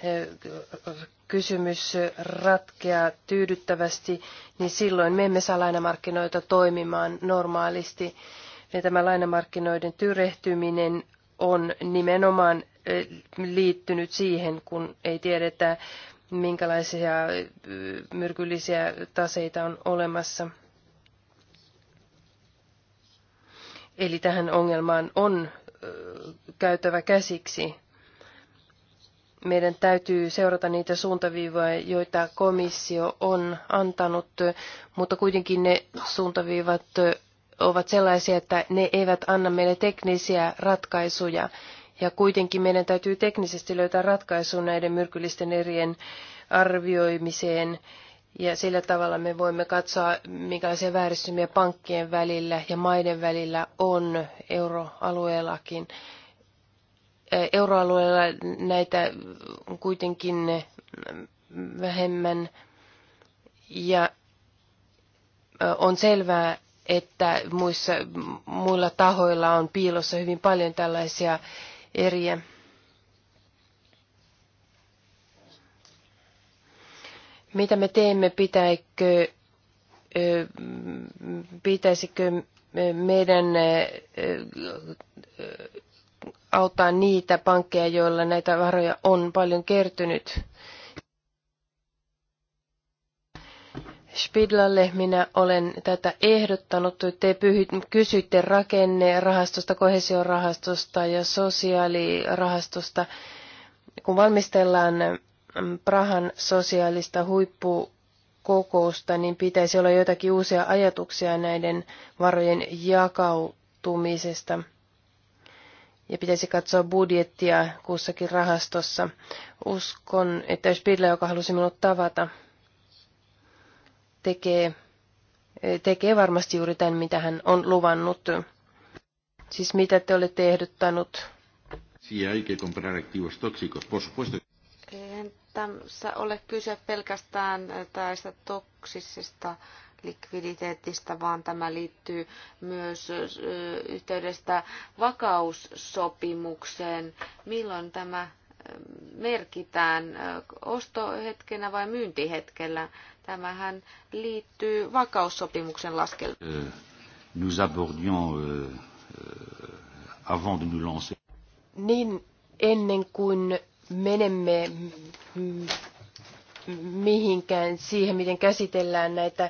kysymys ratkeaa tyydyttävästi, niin silloin me emme saa lainamarkkinoita toimimaan normaalisti. Ja tämä lainamarkkinoiden tyrehtyminen on nimenomaan eh, liittynyt siihen, kun ei tiedetä, minkälaisia eh, myrkyllisiä taseita on olemassa. Eli tähän ongelmaan on käytävä käsiksi meidän täytyy seurata niitä suuntaviivoja, joita komissio on antanut, mutta kuitenkin ne suuntaviivat ovat sellaisia, että ne eivät anna meille teknisiä ratkaisuja. Ja kuitenkin meidän täytyy teknisesti löytää ratkaisu näiden myrkyllisten erien arvioimiseen. Ja sillä tavalla me voimme katsoa, minkälaisia vääristymiä pankkien välillä ja maiden välillä on euroalueellakin. Euroalueella näitä on kuitenkin vähemmän ja on selvää, että muissa, muilla tahoilla on piilossa hyvin paljon tällaisia eriä. Mitä me teemme, pitäikö, pitäisikö meidän auttaa niitä pankkeja, joilla näitä varoja on paljon kertynyt. Spidlalle minä olen tätä ehdottanut. Te kysyitte rakennerahastosta, kohesiorahastosta ja sosiaalirahastosta. Kun valmistellaan Prahan sosiaalista huippukokousta, niin pitäisi olla jotakin uusia ajatuksia näiden varojen jakautumisesta ja pitäisi katsoa budjettia kussakin rahastossa. Uskon, että jos Pidla, joka halusi minut tavata, tekee, tekee varmasti juuri tämän, mitä hän on luvannut. Siis mitä te olette ehdottanut? Si hay comprar activos tóxicos, por supuesto. tässä ole kyse pelkästään tästä toksisista likviditeettistä, vaan tämä liittyy myös yhteydestä vakaussopimukseen. Milloin tämä merkitään ostohetkenä vai myyntihetkellä? Tämähän liittyy vakaussopimuksen laskelmaan. Niin ennen kuin menemme mihinkään siihen, miten käsitellään näitä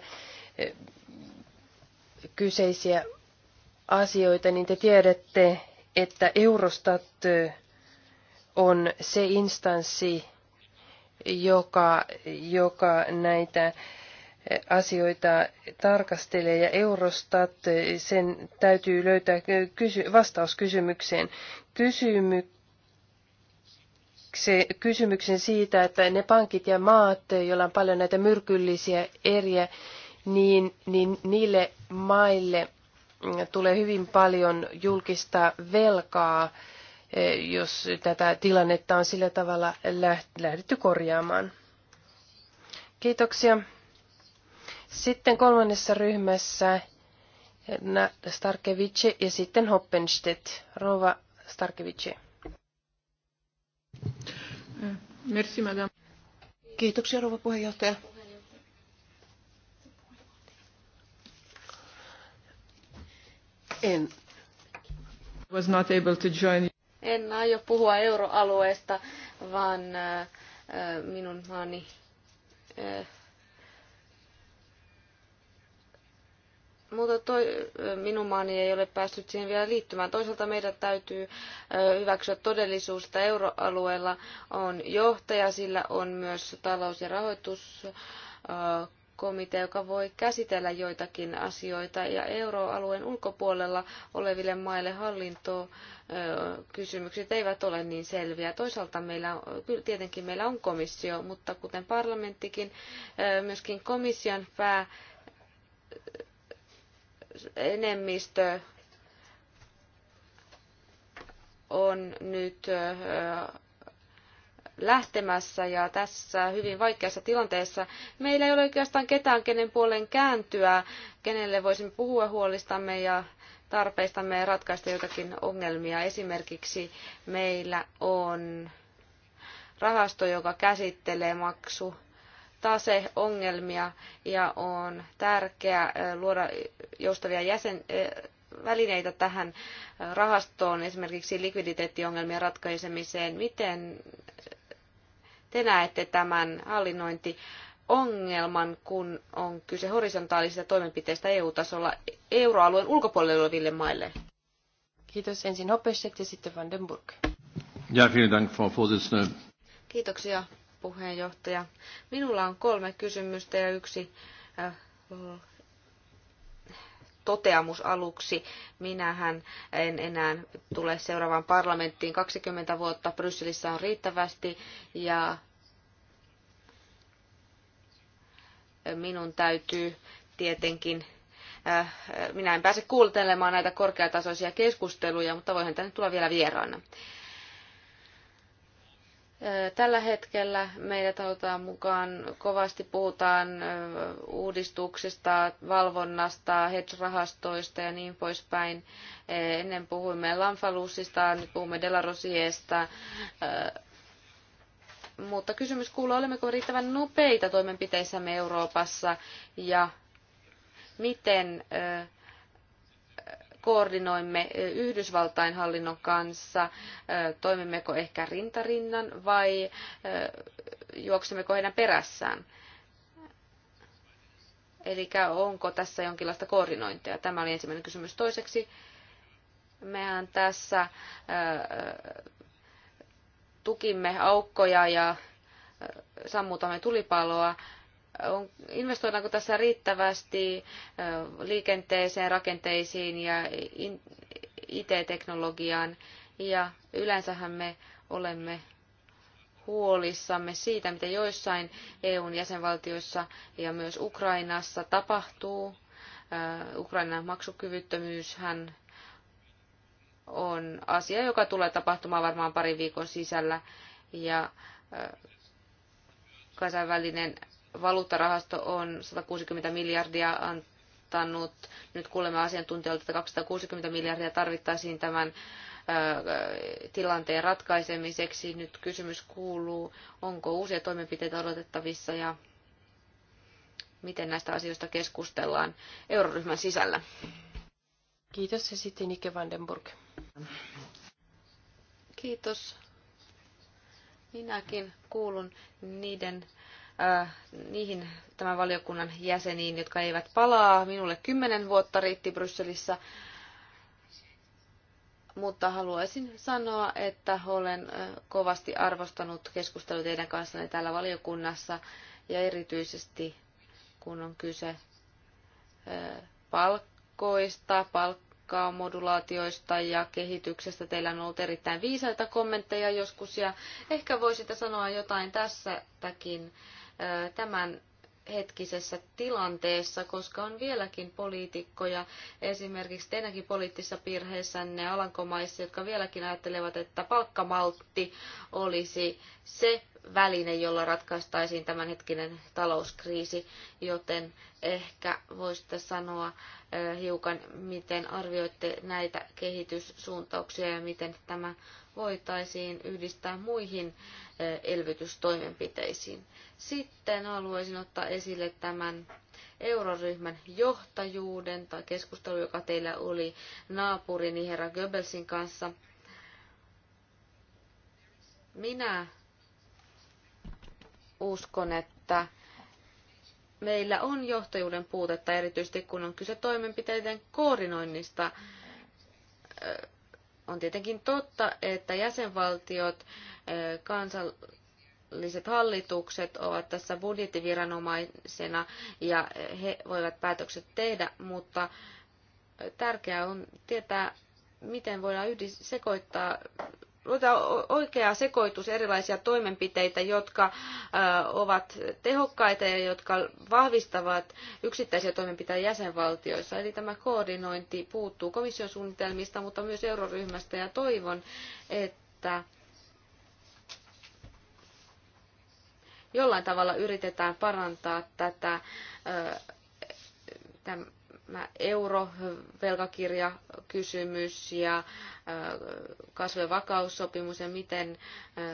kyseisiä asioita, niin te tiedätte, että Eurostat on se instanssi, joka, joka näitä asioita tarkastelee ja Eurostat, sen täytyy löytää kysy- vastaus kysymykseen. Kysymyk- se kysymyksen siitä, että ne pankit ja maat, joilla on paljon näitä myrkyllisiä eriä, niin, niin niille maille mm, tulee hyvin paljon julkista velkaa, eh, jos tätä tilannetta on sillä tavalla lähdetty korjaamaan. Kiitoksia. Sitten kolmannessa ryhmässä eh, Starkevich ja sitten Hoppenstedt. Rova Starkevich. Merci, madame. Kiitoksia, rouva puheenjohtaja. En. Was not able to join. En aio puhua euroalueesta, vaan minun maani mutta toi, minun maani ei ole päässyt siihen vielä liittymään. Toisaalta meidän täytyy hyväksyä todellisuus, että euroalueella on johtaja, sillä on myös talous- ja rahoitus komitea, joka voi käsitellä joitakin asioita ja euroalueen ulkopuolella oleville maille hallinto kysymykset eivät ole niin selviä. Toisaalta meillä, tietenkin meillä on komissio, mutta kuten parlamenttikin, myöskin komission pää enemmistö on nyt lähtemässä ja tässä hyvin vaikeassa tilanteessa meillä ei ole oikeastaan ketään, kenen puolen kääntyä, kenelle voisimme puhua huolistamme ja tarpeistamme ratkaista jotakin ongelmia. Esimerkiksi meillä on rahasto, joka käsittelee maksu ongelmia ja on tärkeää luoda joustavia jäsen, välineitä tähän rahastoon, esimerkiksi likviditeettiongelmien ratkaisemiseen. Miten te näette tämän hallinnointi ongelman, kun on kyse horisontaalisista toimenpiteistä EU-tasolla euroalueen ulkopuolelle oleville maille? Kiitos ensin Hoppeschek ja sitten Vandenburg. Ja, vielen Dank, Frau Vorsitzende. Kiitoksia, puheenjohtaja. Minulla on kolme kysymystä ja yksi äh, toteamus aluksi. Minähän en enää tule seuraavaan parlamenttiin. 20 vuotta Brysselissä on riittävästi ja minun täytyy tietenkin äh, minä en pääse kuuntelemaan näitä korkeatasoisia keskusteluja, mutta voihan tänne tulla vielä vieraana. Tällä hetkellä meidät halutaan mukaan, kovasti puhutaan uudistuksista, valvonnasta, hedge-rahastoista ja niin poispäin. Ennen puhuimme Lanfalussista, nyt puhumme Delarosiesta. Mutta kysymys kuuluu, olemmeko riittävän nopeita toimenpiteissämme Euroopassa ja miten koordinoimme Yhdysvaltain hallinnon kanssa, toimimmeko ehkä rintarinnan vai juoksemmeko heidän perässään. Eli onko tässä jonkinlaista koordinointia? Tämä oli ensimmäinen kysymys. Toiseksi, mehän tässä tukimme aukkoja ja sammutamme tulipaloa, on, investoidaanko tässä riittävästi liikenteeseen, rakenteisiin ja IT-teknologiaan. Ja yleensähän me olemme huolissamme siitä, mitä joissain EUn jäsenvaltioissa ja myös Ukrainassa tapahtuu. Ukrainan maksukyvyttömyyshän on asia, joka tulee tapahtumaan varmaan parin viikon sisällä. Ja kansainvälinen valuuttarahasto on 160 miljardia antanut. Nyt kuulemme asiantuntijoilta, että 260 miljardia tarvittaisiin tämän tilanteen ratkaisemiseksi. Nyt kysymys kuuluu, onko uusia toimenpiteitä odotettavissa ja miten näistä asioista keskustellaan euroryhmän sisällä. Kiitos ja sitten Ike Vandenburg. Kiitos. Minäkin kuulun niiden Äh, niihin tämän valiokunnan jäseniin, jotka eivät palaa. Minulle kymmenen vuotta riitti Brysselissä, mutta haluaisin sanoa, että olen äh, kovasti arvostanut keskustelua teidän kanssanne täällä valiokunnassa ja erityisesti kun on kyse äh, palkkoista, palkkamodulaatioista ja kehityksestä. Teillä on ollut erittäin viisaita kommentteja joskus ja ehkä voisitte sanoa jotain tässäkin tämän hetkisessä tilanteessa, koska on vieläkin poliitikkoja, esimerkiksi teidänkin poliittisessa piirheessänne Alankomaissa, jotka vieläkin ajattelevat, että palkkamaltti olisi se väline, jolla ratkaistaisiin tämänhetkinen talouskriisi, joten ehkä voisitte sanoa hiukan, miten arvioitte näitä kehityssuuntauksia ja miten tämä voitaisiin yhdistää muihin Eh, elvytystoimenpiteisiin. Sitten haluaisin ottaa esille tämän euroryhmän johtajuuden tai keskustelu, joka teillä oli naapurini herra Goebbelsin kanssa. Minä uskon, että meillä on johtajuuden puutetta, erityisesti kun on kyse toimenpiteiden koordinoinnista eh, on tietenkin totta, että jäsenvaltiot, kansalliset hallitukset ovat tässä budjettiviranomaisena ja he voivat päätökset tehdä, mutta tärkeää on tietää, miten voidaan yhdis- sekoittaa oikea sekoitus erilaisia toimenpiteitä, jotka ovat tehokkaita ja jotka vahvistavat yksittäisiä toimenpiteitä jäsenvaltioissa. Eli tämä koordinointi puuttuu komission suunnitelmista, mutta myös euroryhmästä ja toivon, että jollain tavalla yritetään parantaa tätä, tämän eurovelkakirjakysymys ja äh, kasvu- ja vakaussopimus ja miten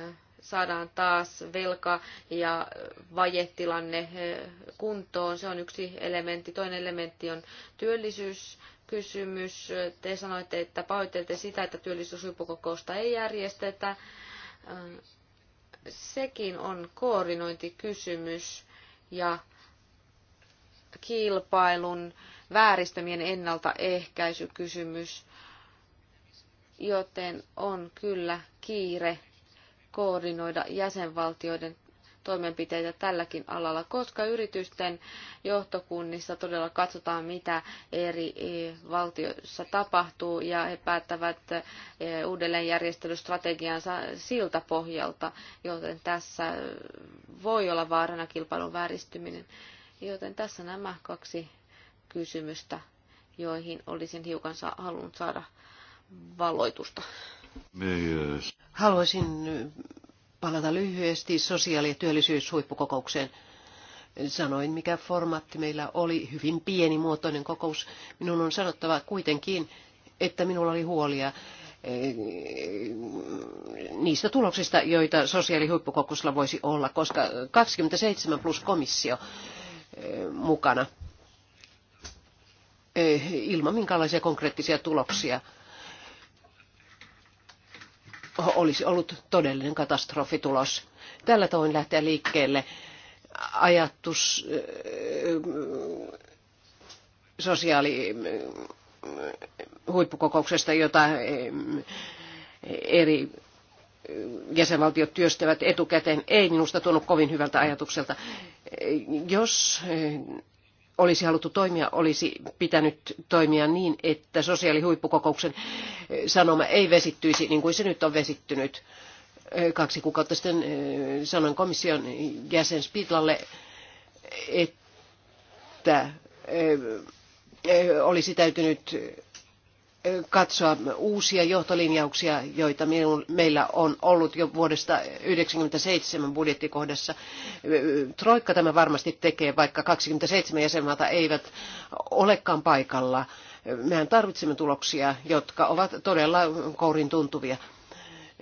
äh, saadaan taas velka- ja vajetilanne äh, kuntoon. Se on yksi elementti. Toinen elementti on työllisyys kysymys. Te sanoitte, että pahoittelette sitä, että työllisyyshuippukokousta ei järjestetä. Sekin on koordinointikysymys ja kilpailun vääristömien ennaltaehkäisykysymys, joten on kyllä kiire koordinoida jäsenvaltioiden toimenpiteitä tälläkin alalla, koska yritysten johtokunnissa todella katsotaan, mitä eri e, valtioissa tapahtuu ja he päättävät e, uudelleenjärjestelystrategiansa siltä pohjalta, joten tässä voi olla vaarana kilpailun vääristyminen. Joten tässä nämä kaksi kysymystä, joihin olisin hiukan sa- halunnut saada valoitusta. Myös. Haluaisin palata lyhyesti sosiaali- ja työllisyyshuippukokoukseen. Sanoin, mikä formaatti meillä oli, hyvin pienimuotoinen kokous. Minun on sanottava kuitenkin, että minulla oli huolia eh, niistä tuloksista, joita sosiaalihuippukokousilla voisi olla, koska 27 plus komissio eh, mukana Eh, ilman minkäänlaisia konkreettisia tuloksia. Olisi ollut todellinen katastrofitulos. Tällä tavoin lähteä liikkeelle ajatus eh, sosiaalihuippukokouksesta, eh, jota eri jäsenvaltiot työstävät etukäteen, ei minusta tunnu kovin hyvältä ajatukselta. Jos olisi haluttu toimia, olisi pitänyt toimia niin, että sosiaalihuippukokouksen eh, sanoma ei vesittyisi niin kuin se nyt on vesittynyt. Eh, kaksi kuukautta sitten eh, sanoin komission jäsen Spidlalle, että olisi täytynyt katsoa uusia johtolinjauksia, joita meillä on ollut jo vuodesta 1997 budjettikohdassa. Troikka tämä varmasti tekee, vaikka 27 jäsenmaata eivät olekaan paikalla. Mehän tarvitsemme tuloksia, jotka ovat todella kourin tuntuvia.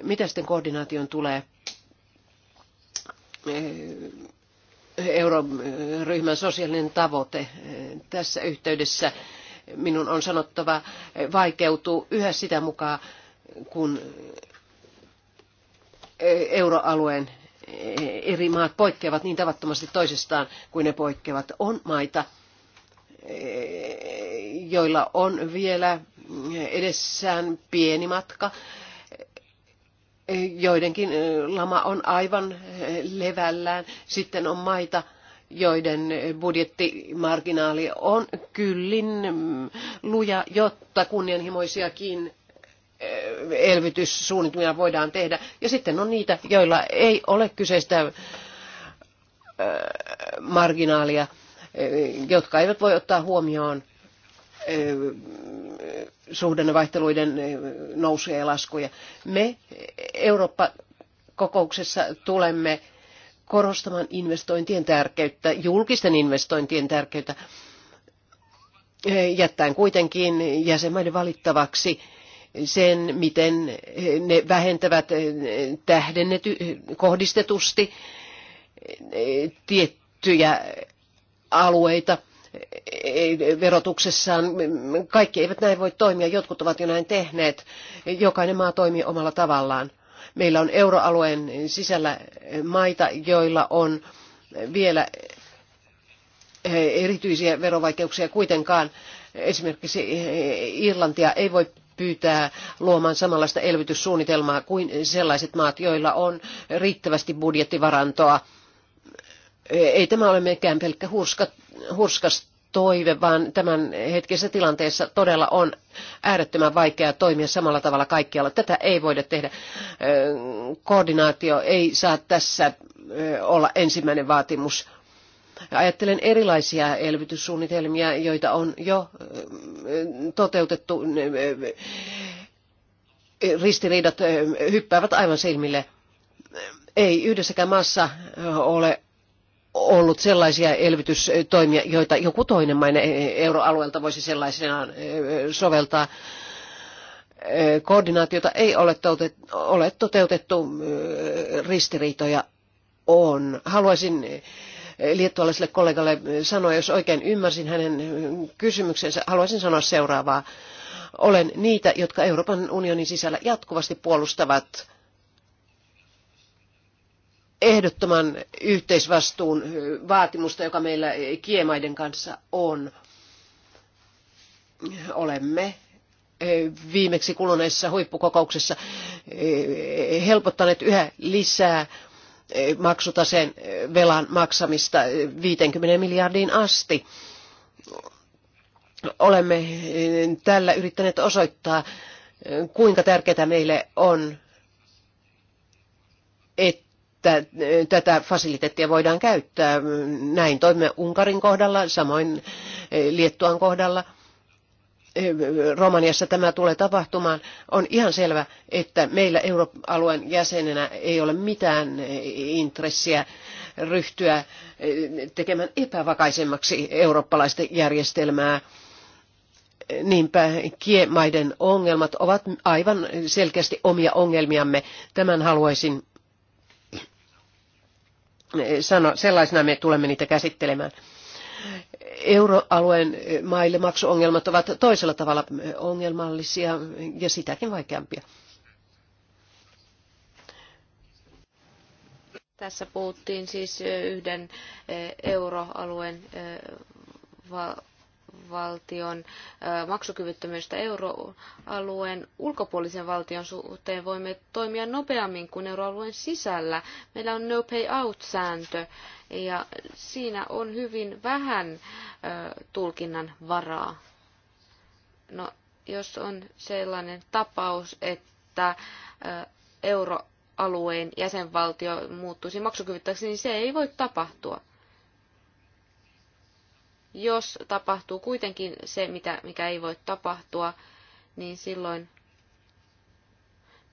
Mitä sitten koordinaation tulee? Euroryhmän sosiaalinen tavoite tässä yhteydessä minun on sanottava, vaikeutuu yhä sitä mukaan, kun euroalueen eri maat poikkeavat niin tavattomasti toisistaan kuin ne poikkeavat. On maita, joilla on vielä edessään pieni matka. Joidenkin lama on aivan levällään. Sitten on maita, joiden budjettimarginaali on kyllin luja, jotta kunnianhimoisiakin eh, elvytyssuunnitelmia voidaan tehdä. Ja sitten on niitä, joilla ei ole kyseistä eh, marginaalia, eh, jotka eivät voi ottaa huomioon suhdannevaihteluiden nousuja ja laskuja. Me Eurooppa-kokouksessa tulemme korostamaan investointien tärkeyttä, julkisten investointien tärkeyttä, jättäen kuitenkin jäsenmaiden valittavaksi sen, miten ne vähentävät tähdennety, kohdistetusti tiettyjä alueita verotuksessaan. Kaikki eivät näin voi toimia, jotkut ovat jo näin tehneet. Jokainen maa toimii omalla tavallaan. Meillä on euroalueen sisällä maita, joilla on vielä erityisiä verovaikeuksia kuitenkaan. Esimerkiksi Irlantia ei voi pyytää luomaan samanlaista elvytyssuunnitelmaa kuin sellaiset maat, joilla on riittävästi budjettivarantoa. Ei tämä ole mikään pelkkä hurskas toive, vaan tämän hetkessä tilanteessa todella on äärettömän vaikeaa toimia samalla tavalla kaikkialla. Tätä ei voida tehdä. Koordinaatio ei saa tässä olla ensimmäinen vaatimus. Ajattelen erilaisia elvytyssuunnitelmia, joita on jo toteutettu. Ristiriidat hyppäävät aivan silmille. Ei yhdessäkään maassa ole ollut sellaisia elvytystoimia, joita joku toinen maine euroalueelta voisi sellaisenaan soveltaa. Koordinaatiota ei ole toteutettu, ristiriitoja on. Haluaisin liettualaiselle kollegalle sanoa, jos oikein ymmärsin hänen kysymyksensä, haluaisin sanoa seuraavaa. Olen niitä, jotka Euroopan unionin sisällä jatkuvasti puolustavat ehdottoman yhteisvastuun vaatimusta, joka meillä kiemaiden kanssa on. Olemme viimeksi kuluneessa huippukokouksessa helpottaneet yhä lisää maksutaseen velan maksamista 50 miljardiin asti. Olemme tällä yrittäneet osoittaa, kuinka tärkeää meille on, että Eh, tätä fasiliteettia voidaan käyttää. Näin toimme Unkarin kohdalla, samoin eh, Liettuan kohdalla. Eh, Romaniassa tämä tulee tapahtumaan. On ihan selvä, että meillä euroalueen jäsenenä ei ole mitään intressiä ryhtyä tekemään epävakaisemmaksi eurooppalaista järjestelmää. Niinpä kiemaiden ongelmat ovat aivan selkeästi omia ongelmiamme. Tämän haluaisin sellaisena me tulemme niitä käsittelemään. Euroalueen maille maksuongelmat ovat toisella tavalla ongelmallisia ja sitäkin vaikeampia. Tässä puhuttiin siis yhden eh, euroalueen eh, valtion maksukyvyttömyydestä euroalueen ulkopuolisen valtion suhteen voimme toimia nopeammin kuin euroalueen sisällä. Meillä on no pay out-sääntö ja siinä on hyvin vähän tulkinnan varaa. No, jos on sellainen tapaus, että euroalueen jäsenvaltio muuttuisi maksukyvyttäjäksi, niin se ei voi tapahtua jos tapahtuu kuitenkin se, mitä, mikä ei voi tapahtua, niin silloin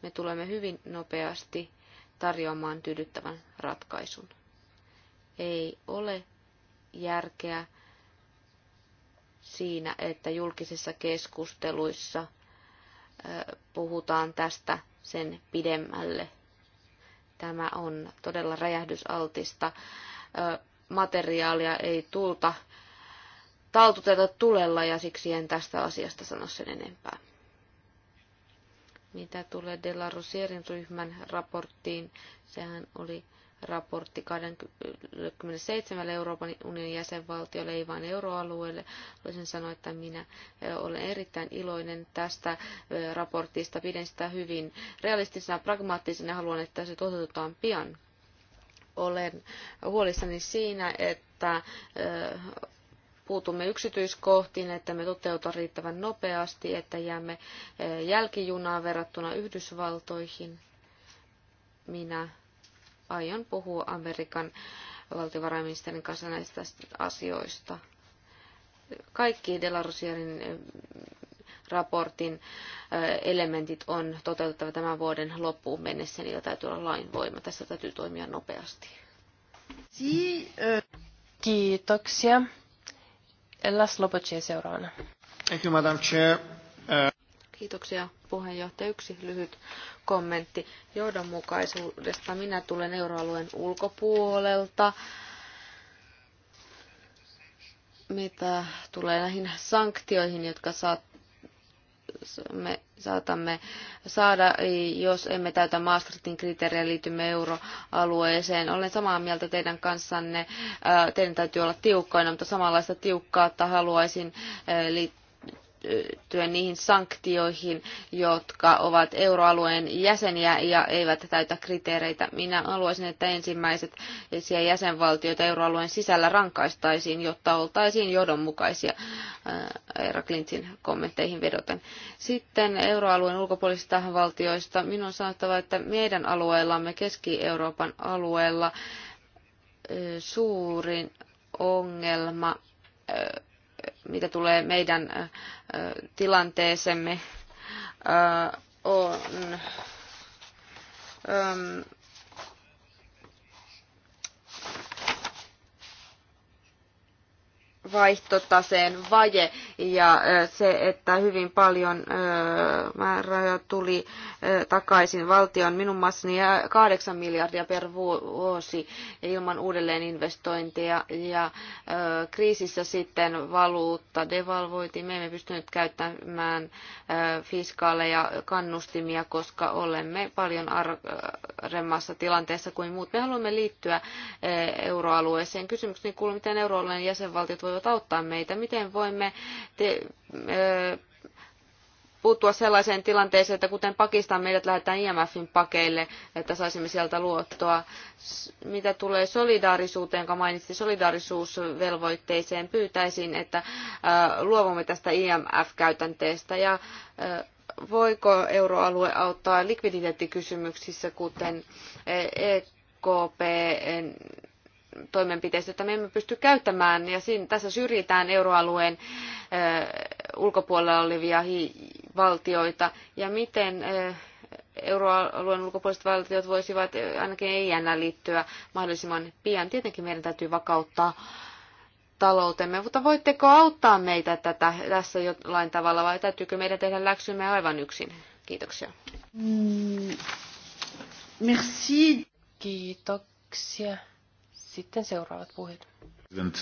me tulemme hyvin nopeasti tarjoamaan tyydyttävän ratkaisun. Ei ole järkeä siinä, että julkisissa keskusteluissa puhutaan tästä sen pidemmälle. Tämä on todella räjähdysaltista materiaalia, ei tulta taltuteta tulella ja siksi en tästä asiasta sano sen enempää. Mitä tulee De La Rosierin ryhmän raporttiin, sehän oli raportti 27 Euroopan unionin jäsenvaltiolle, ei vain euroalueelle. Voisin sanoa, että minä olen erittäin iloinen tästä raportista. Pidän sitä hyvin realistisena, pragmaattisena. Haluan, että se toteutetaan pian. Olen huolissani siinä, että puutumme yksityiskohtiin, että me toteuta riittävän nopeasti, että jäämme eh, jälkijunaan verrattuna Yhdysvaltoihin. Minä aion puhua Amerikan valtiovarainministerin kanssa näistä asioista. Kaikki Delarosierin eh, raportin eh, elementit on toteutettava tämän vuoden loppuun mennessä, niillä täytyy olla lainvoima. Tässä täytyy toimia nopeasti. Kiitoksia. Las Lopetien seuraavana. Thank you, Madam Chair. Uh, Kiitoksia puheenjohtaja. Yksi lyhyt kommentti johdonmukaisuudesta. Minä tulen euroalueen ulkopuolelta. Mitä tulee näihin sanktioihin, jotka saat, me saatamme saada, jos emme täytä Maastrichtin kriteerejä liitymme euroalueeseen. Olen samaa mieltä teidän kanssanne. Teidän täytyy olla tiukkoina, mutta samanlaista tiukkaa, että haluaisin liittyä liittyä niihin sanktioihin, jotka ovat euroalueen jäseniä ja eivät täytä kriteereitä. Minä haluaisin, että ensimmäiset jäsenvaltiot euroalueen sisällä rankaistaisiin, jotta oltaisiin johdonmukaisia äh, Eera Klintsin kommentteihin vedoten. Sitten euroalueen ulkopuolisista valtioista. Minun on sanottava, että meidän alueellamme, Keski-Euroopan alueella, äh, suurin ongelma äh, mitä tulee meidän tilanteeseemme, on vaihtotaseen vaje ja se, että hyvin paljon määrää tuli takaisin valtion minun maassani 8 miljardia per vuosi ilman uudelleeninvestointeja ja kriisissä sitten valuutta devalvoitiin. Me emme pystyneet käyttämään fiskaaleja kannustimia, koska olemme paljon arremmassa tilanteessa kuin muut. Me haluamme liittyä euroalueeseen. Kysymykseni kuuluu, miten euroalueen jäsenvaltiot voivat voivat auttaa meitä? Miten voimme te, ö, puuttua sellaiseen tilanteeseen, että kuten Pakistan meidät lähdetään IMFin pakeille, että saisimme sieltä luottoa. Mitä tulee solidaarisuuteen, joka mainitsi solidaarisuusvelvoitteeseen, pyytäisin, että luovumme tästä IMF-käytänteestä ja voiko euroalue auttaa likviditeettikysymyksissä, kuten EKP toimenpiteistä, että me emme pysty käyttämään, ja siinä, tässä syrjitään euroalueen ulkopuolella olevia valtioita, ja miten euroalueen ulkopuoliset valtiot voisivat ainakin ei liittyä mahdollisimman pian. Tietenkin meidän täytyy vakauttaa taloutemme, mutta voitteko auttaa meitä tätä, tässä jollain tavalla vai täytyykö meidän tehdä läksymme aivan yksin? Kiitoksia. Mm, merci. Kiitoksia. Sitten seuraavat puheet. Eh,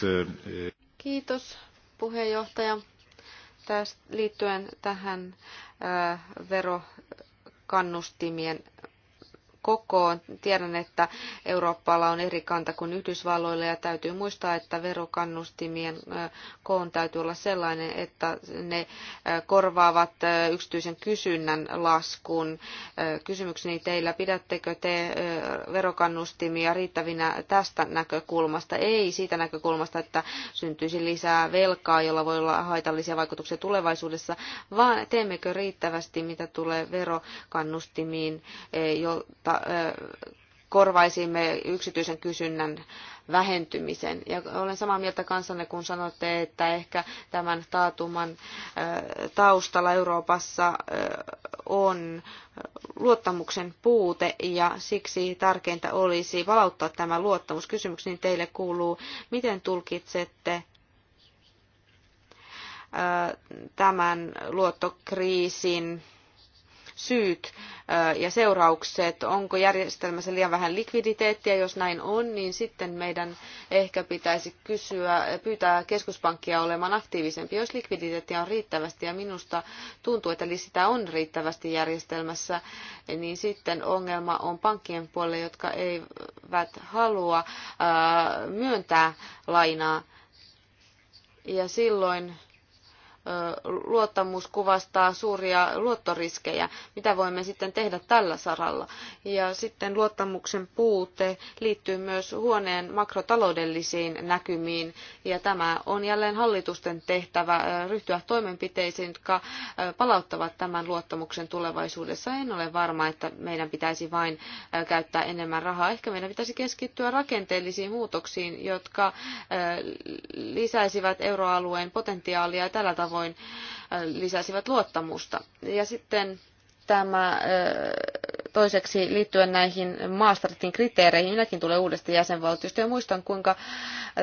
Kiitos puheenjohtaja. Tästä liittyen tähän eh, verokannustimien kokoon. Tiedän, että Euroopalla on eri kanta kuin Yhdysvalloilla ja täytyy muistaa, että verokannustimien koon täytyy olla sellainen, että ne korvaavat yksityisen kysynnän laskun. Kysymykseni teillä, pidättekö te verokannustimia riittävinä tästä näkökulmasta? Ei siitä näkökulmasta, että syntyisi lisää velkaa, jolla voi olla haitallisia vaikutuksia tulevaisuudessa, vaan teemmekö riittävästi, mitä tulee verokannustimiin, e, jotta korvaisimme yksityisen kysynnän vähentymisen. Ja olen samaa mieltä kanssanne, kun sanotte, että ehkä tämän taatuman taustalla Euroopassa on luottamuksen puute ja siksi tärkeintä olisi palauttaa tämä luottamus. Kysymykseni niin teille kuuluu, miten tulkitsette tämän luottokriisin syyt äh, ja seuraukset. Onko järjestelmässä liian vähän likviditeettiä? Jos näin on, niin sitten meidän ehkä pitäisi kysyä, pyytää keskuspankkia olemaan aktiivisempi, jos likviditeettiä on riittävästi. Ja minusta tuntuu, että sitä on riittävästi järjestelmässä, niin sitten ongelma on pankkien puolelle, jotka eivät halua äh, myöntää lainaa. Ja silloin luottamus kuvastaa suuria luottoriskejä. Mitä voimme sitten tehdä tällä saralla? Ja sitten luottamuksen puute liittyy myös huoneen makrotaloudellisiin näkymiin. Ja tämä on jälleen hallitusten tehtävä ryhtyä toimenpiteisiin, jotka palauttavat tämän luottamuksen tulevaisuudessa. En ole varma, että meidän pitäisi vain käyttää enemmän rahaa. Ehkä meidän pitäisi keskittyä rakenteellisiin muutoksiin, jotka lisäisivät euroalueen potentiaalia ja tällä tavoin tavoin äh, lisäsivät luottamusta. Ja sitten tämä äh, toiseksi liittyen näihin Maastrichtin kriteereihin. Minäkin tulee uudesta jäsenvaltiosta ja muistan, kuinka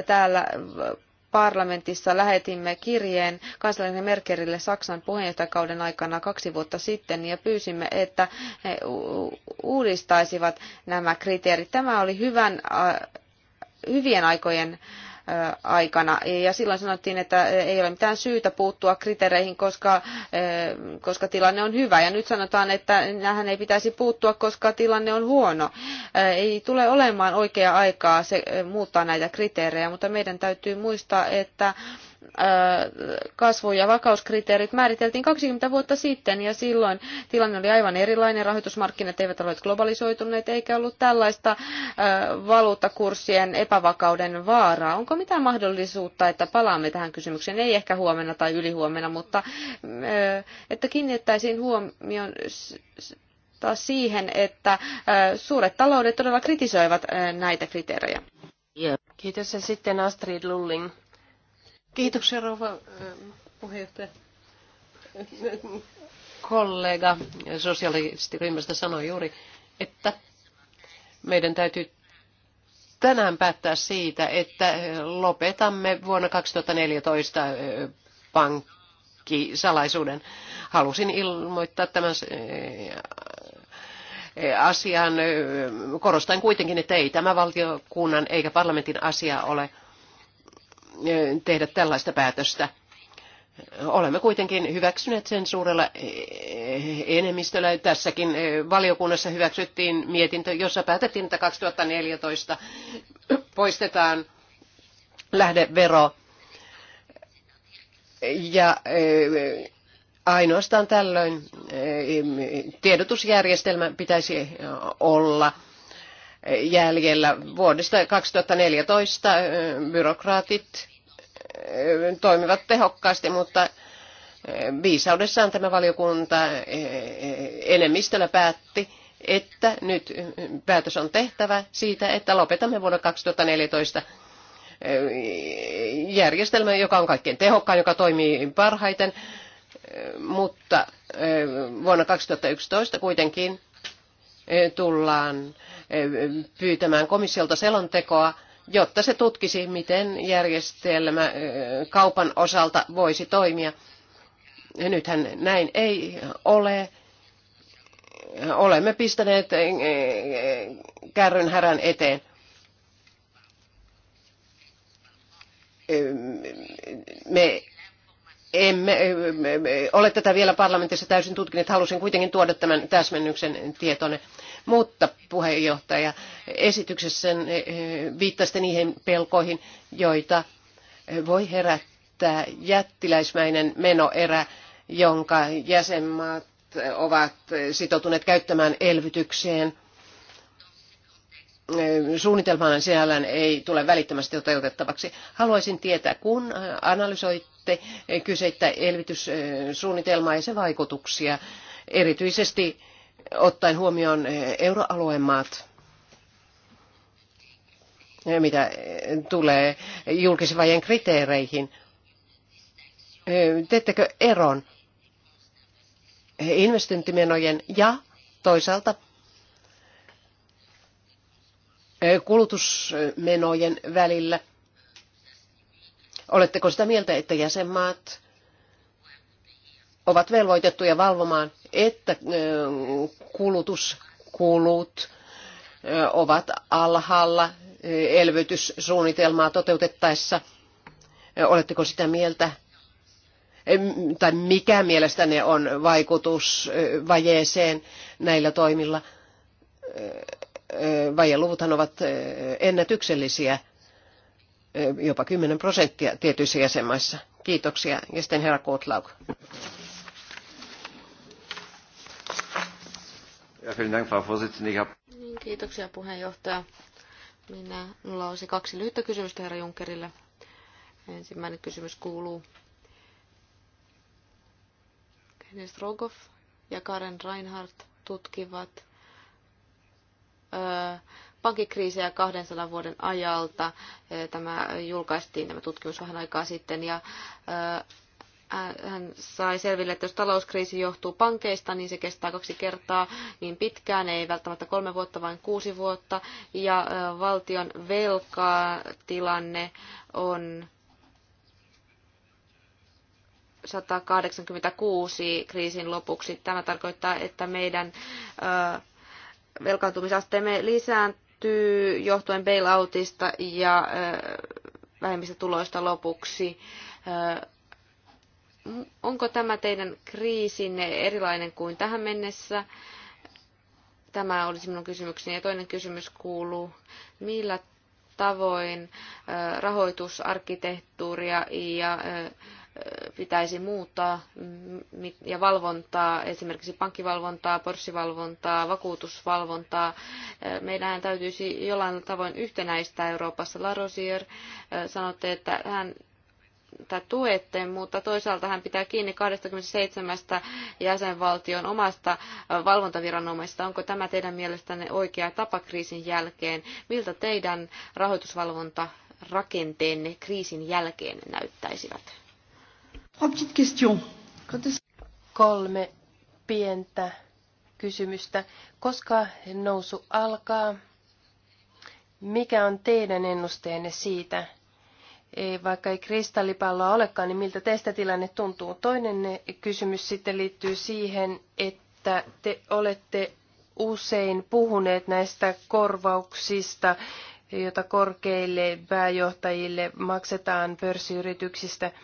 täällä äh, parlamentissa lähetimme kirjeen kansallinen Merkerille Saksan puheenjohtajakauden aikana kaksi vuotta sitten ja pyysimme, että he uudistaisivat nämä kriteerit. Tämä oli hyvän, hyvien aikojen aikana. Ja silloin sanottiin, että ei ole mitään syytä puuttua kriteereihin, koska, koska tilanne on hyvä. Ja nyt sanotaan, että nähän ei pitäisi puuttua, koska tilanne on huono. Ei tule olemaan oikea aikaa se, muuttaa näitä kriteerejä, mutta meidän täytyy muistaa, että kasvu- ja vakauskriteerit määriteltiin 20 vuotta sitten ja silloin tilanne oli aivan erilainen. Rahoitusmarkkinat eivät olleet globalisoituneet eikä ollut tällaista valuuttakurssien epävakauden vaaraa. Onko mitään mahdollisuutta, että palaamme tähän kysymykseen? Ei ehkä huomenna tai ylihuomenna, mutta että kiinnittäisiin huomioon siihen, että suuret taloudet todella kritisoivat näitä kriteerejä. Kiitos ja sitten Astrid Lulling. Kiitoksia rouva eh, puheenjohtaja. Kollega sosialistiryhmästä sanoi juuri, että meidän täytyy tänään päättää siitä, että lopetamme vuonna 2014 eh, pankkisalaisuuden. Halusin ilmoittaa tämän eh, asian. Korostan kuitenkin, että ei tämä valtiokunnan eikä parlamentin asia ole tehdä tällaista päätöstä. Olemme kuitenkin hyväksyneet sen suurella e, enemmistöllä. Tässäkin e, valiokunnassa hyväksyttiin mietintö, jossa päätettiin, että 2014 poistetaan lähdevero. Ja e, ainoastaan tällöin tiedotusjärjestelmä pitäisi olla jäljellä. Vuodesta 2014 byrokraatit toimivat tehokkaasti, mutta viisaudessaan tämä valiokunta enemmistöllä päätti, että nyt päätös on tehtävä siitä, että lopetamme vuonna 2014 järjestelmän, joka on kaikkein tehokkain, joka toimii parhaiten, mutta vuonna 2011 kuitenkin tullaan pyytämään komissiolta selontekoa, jotta se tutkisi, miten järjestelmä kaupan osalta voisi toimia. Nythän näin ei ole. Olemme pistäneet kärryn härän eteen. Me emme ole tätä vielä parlamentissa täysin tutkineet. Halusin kuitenkin tuoda tämän täsmennyksen tietone. Mutta puheenjohtaja, esityksessä eh, viittasitte niihin pelkoihin, joita voi herättää jättiläismäinen menoerä, jonka jäsenmaat ovat sitoutuneet käyttämään elvytykseen. Eh, Suunnitelman sinällään ei tule välittömästi toteutettavaksi. Haluaisin tietää, kun analysoit tutkitte kyseistä elvytyssuunnitelmaa ja sen vaikutuksia, erityisesti ottaen huomioon euroalueen maat, mitä tulee vajeen kriteereihin. Teettekö eron investointimenojen ja toisaalta kulutusmenojen välillä – Oletteko sitä mieltä, että jäsenmaat ovat velvoitettuja valvomaan, että kulutuskulut ovat alhaalla elvytyssuunnitelmaa toteutettaessa? Oletteko sitä mieltä, tai mikä mielestäne on vaikutus vajeeseen näillä toimilla? Vajeluvuthan ovat ennätyksellisiä jopa 10 prosenttia tietyissä jäsenmaissa. Kiitoksia. Ja sitten herra Kotlauk. Niin, kiitoksia puheenjohtaja. Minä, minulla olisi kaksi lyhyttä kysymystä herra Junckerille. Ensimmäinen kysymys kuuluu. Kenneth Rogov ja Karen Reinhardt tutkivat pankkikriisiä 200 vuoden ajalta. Tämä julkaistiin tämä tutkimus vähän aikaa sitten ja hän sai selville, että jos talouskriisi johtuu pankeista, niin se kestää kaksi kertaa niin pitkään, ei välttämättä kolme vuotta, vaan kuusi vuotta. Ja valtion velkatilanne on 186 kriisin lopuksi. Tämä tarkoittaa, että meidän velkaantumisasteemme lisään, päättyy johtuen bailoutista ja vähemmistä tuloista lopuksi. Onko tämä teidän kriisinne erilainen kuin tähän mennessä? Tämä olisi minun kysymykseni. Ja toinen kysymys kuuluu, millä tavoin rahoitusarkkitehtuuria ja pitäisi muuttaa ja valvontaa, esimerkiksi pankkivalvontaa, pörssivalvontaa, vakuutusvalvontaa. Meidän täytyisi jollain tavoin yhtenäistää Euroopassa. Larosier sanotte, että hän tuette, mutta toisaalta hän pitää kiinni 27 jäsenvaltion omasta valvontaviranomaisesta. Onko tämä teidän mielestänne oikea tapa kriisin jälkeen? Miltä teidän rahoitusvalvonta rakenteenne kriisin jälkeen näyttäisivät? Kolme pientä kysymystä. Koska nousu alkaa? Mikä on teidän ennusteenne siitä? Ei, vaikka ei kristallipalloa olekaan, niin miltä teistä tilanne tuntuu? Toinen kysymys sitten liittyy siihen, että te olette usein puhuneet näistä korvauksista, joita korkeille pääjohtajille maksetaan pörssiyrityksistä –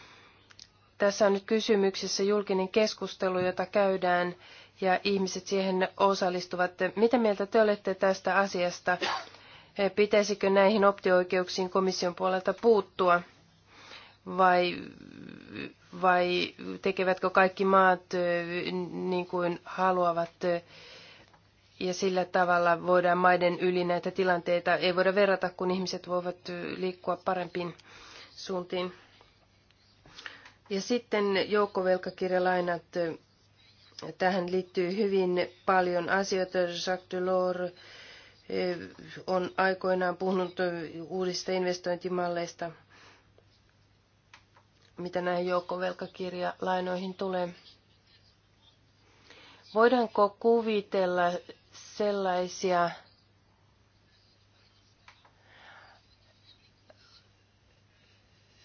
tässä on nyt kysymyksessä julkinen keskustelu, jota käydään ja ihmiset siihen osallistuvat. Mitä mieltä te olette tästä asiasta? Pitäisikö näihin optioikeuksiin komission puolelta puuttua? Vai, vai tekevätkö kaikki maat niin kuin haluavat ja sillä tavalla voidaan maiden yli näitä tilanteita, ei voida verrata, kun ihmiset voivat liikkua parempiin suuntiin. Ja sitten joukkovelkakirjalainat. Tähän liittyy hyvin paljon asioita. Jacques Delors eh, on aikoinaan puhunut uudista investointimalleista, mitä näihin joukkovelkakirjalainoihin tulee. Voidaanko kuvitella sellaisia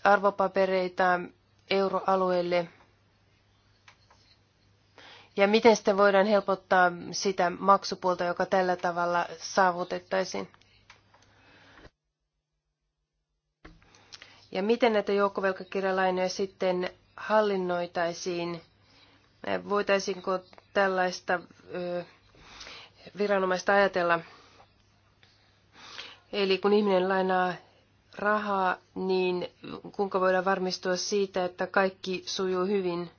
arvopapereita, euroalueelle ja miten sitä voidaan helpottaa sitä maksupuolta, joka tällä tavalla saavutettaisiin? Ja miten näitä joukkovelkakirjalainoja sitten hallinnoitaisiin? Voitaisinko tällaista viranomaista ajatella? Eli kun ihminen lainaa rahaa, niin kuinka voidaan varmistua siitä, että kaikki sujuu hyvin?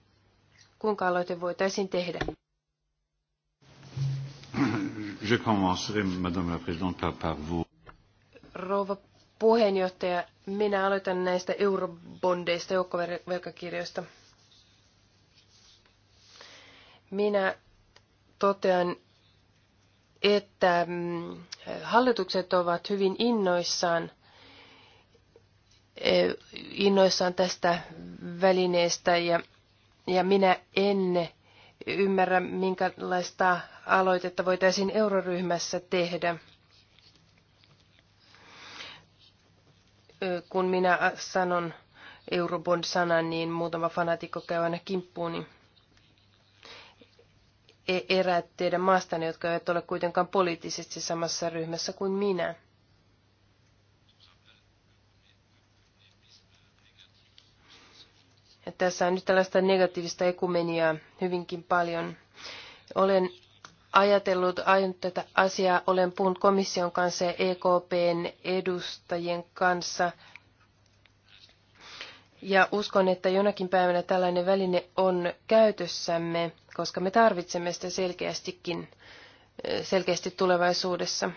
Kuinka aloite voitaisiin tehdä? Je commencerai, Madame la Présidente, par, par vous. Rouva puheenjohtaja, minä aloitan näistä eurobondeista, joukkovelkakirjoista. Minä totean, että mm, hallitukset ovat hyvin innoissaan – E, innoissaan tästä välineestä ja, ja minä en ymmärrä, minkälaista aloitetta voitaisiin euroryhmässä tehdä. E, kun minä sanon Eurobond-sanan, niin muutama fanatikko käy aina kimppuuni. Niin e, eräät teidän maastanne, jotka eivät ole kuitenkaan poliittisesti samassa ryhmässä kuin minä. Ja tässä on nyt tällaista negatiivista ekumeniaa hyvinkin paljon. Olen ajatellut aion tätä asiaa, olen puhunut komission kanssa ja EKPn edustajien kanssa. Ja uskon, että jonakin päivänä tällainen väline on käytössämme, koska me tarvitsemme sitä selkeästikin, eh, selkeästi tulevaisuudessa.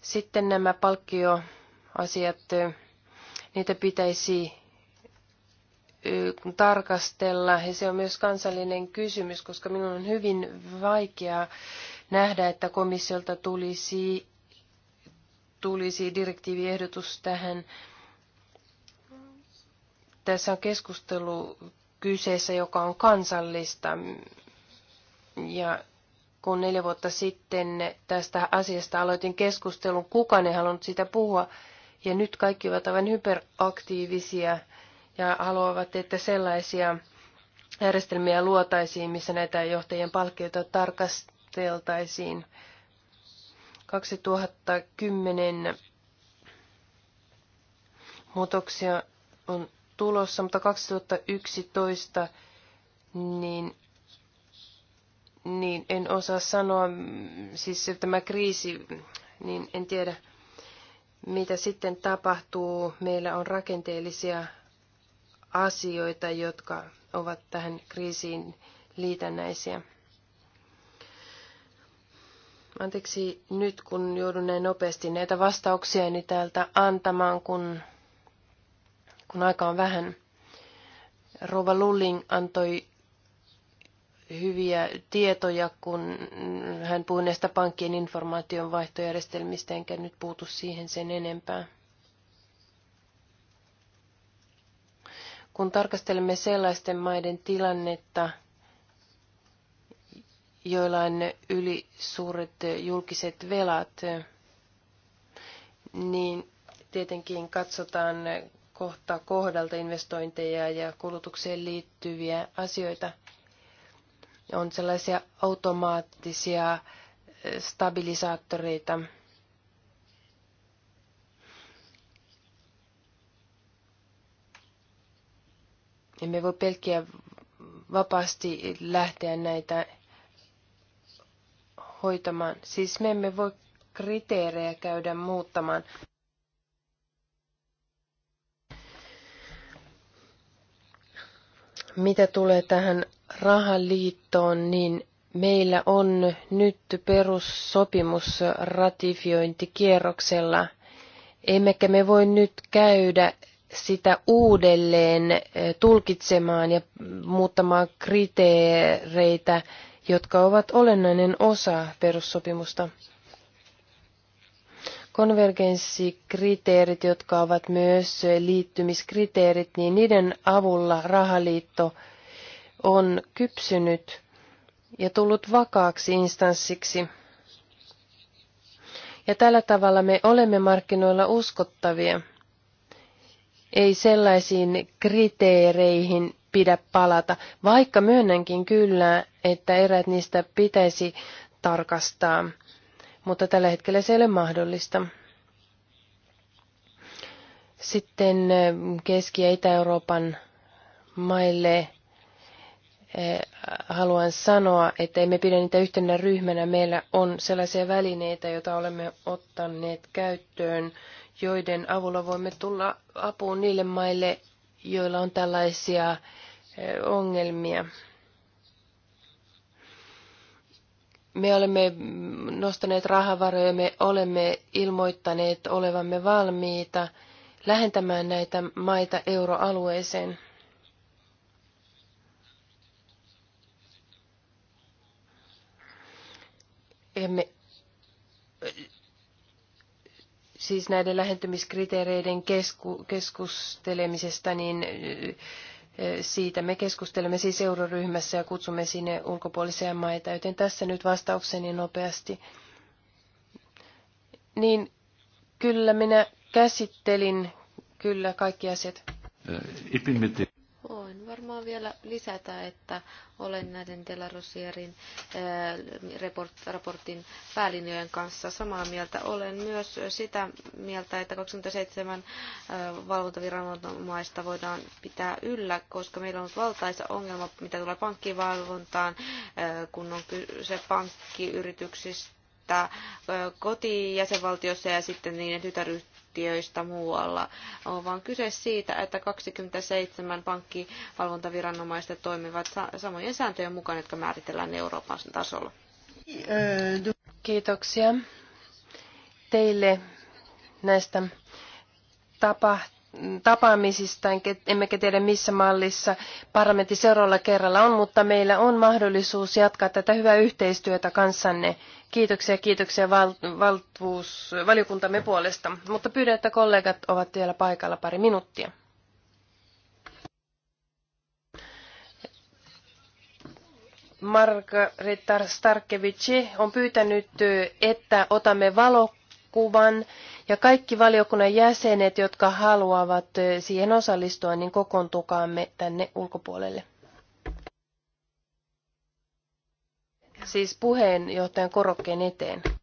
Sitten nämä palkkioasiat, eh, niitä pitäisi tarkastella ja se on myös kansallinen kysymys, koska minun on hyvin vaikea nähdä, että komissiolta tulisi, tulisi direktiiviehdotus tähän. Tässä on keskustelu kyseessä, joka on kansallista. Ja kun neljä vuotta sitten tästä asiasta aloitin keskustelun, kukaan ei halunnut sitä puhua. Ja nyt kaikki ovat aivan hyperaktiivisia ja haluavat, että sellaisia järjestelmiä luotaisiin, missä näitä johtajien palkkioita tarkasteltaisiin. 2010 muutoksia on tulossa, mutta 2011 niin, niin en osaa sanoa, siis tämä kriisi, niin en tiedä mitä sitten tapahtuu. Meillä on rakenteellisia asioita, jotka ovat tähän kriisiin liitännäisiä. Anteeksi nyt, kun joudun näin nopeasti näitä vastauksia niin täältä antamaan, kun, kun aika on vähän. Rova Lulling antoi hyviä tietoja, kun hän puhui näistä pankkien informaation vaihtojärjestelmistä, enkä nyt puutu siihen sen enempää. Kun tarkastelemme sellaisten maiden tilannetta, joilla on ylisuuret julkiset velat, niin tietenkin katsotaan kohta kohdalta investointeja ja kulutukseen liittyviä asioita. On sellaisia automaattisia stabilisaattoreita, Emme voi pelkkiä vapaasti lähteä näitä hoitamaan. Siis me emme voi kriteerejä käydä muuttamaan. Mitä tulee tähän rahaliittoon, niin meillä on nyt perussopimus ratifiointikierroksella, emmekä me voi nyt käydä sitä uudelleen tulkitsemaan ja muuttamaan kriteereitä, jotka ovat olennainen osa perussopimusta. Konvergenssikriteerit, jotka ovat myös liittymiskriteerit, niin niiden avulla rahaliitto on kypsynyt ja tullut vakaaksi instanssiksi. Ja tällä tavalla me olemme markkinoilla uskottavia ei sellaisiin kriteereihin pidä palata, vaikka myönnänkin kyllä, että erät niistä pitäisi tarkastaa, mutta tällä hetkellä se ei ole mahdollista. Sitten Keski- ja Itä-Euroopan maille haluan sanoa, että emme pidä niitä yhtenä ryhmänä. Meillä on sellaisia välineitä, joita olemme ottaneet käyttöön, joiden avulla voimme tulla apuun niille maille, joilla on tällaisia eh, ongelmia. Me olemme nostaneet rahavaroja, me olemme ilmoittaneet olevamme valmiita lähentämään näitä maita euroalueeseen. Emme siis näiden lähentymiskriteereiden kesku, keskustelemisesta, niin siitä me keskustelemme siis euroryhmässä ja kutsumme sinne ulkopuolisia maita, joten tässä nyt vastaukseni nopeasti. Niin kyllä minä käsittelin kyllä kaikki asiat haluan vielä lisätä, että olen näiden Delarosierin äh, raportin päälinjojen kanssa samaa mieltä. Olen myös sitä mieltä, että 27 äh, valvontaviranomaista voidaan pitää yllä, koska meillä on valtaisa ongelma, mitä tulee pankkivalvontaan, äh, kun on kyse pankkiyrityksistä kotijäsenvaltiossa koti jäsenvaltiossa ja sitten niiden tytäryhtiöiden yhtiöistä muualla, on vaan kyse siitä, että 27 pankkivalvontaviranomaista toimivat samojen sääntöjen mukaan, jotka määritellään Euroopan tasolla. Kiitoksia teille näistä tapahtumista tapaamisista, emmekä tiedä missä mallissa parlamentti seuraavalla kerralla on, mutta meillä on mahdollisuus jatkaa tätä hyvää yhteistyötä kanssanne. Kiitoksia, kiitoksia val- valtuus, valiokuntamme puolesta, mutta pyydän, että kollegat ovat vielä paikalla pari minuuttia. Margareta Starkevici on pyytänyt, että otamme valokuvan ja kaikki valiokunnan jäsenet, jotka haluavat eh, siihen osallistua, niin kokoontukaamme tänne ulkopuolelle. Siis puheenjohtajan korokkeen eteen.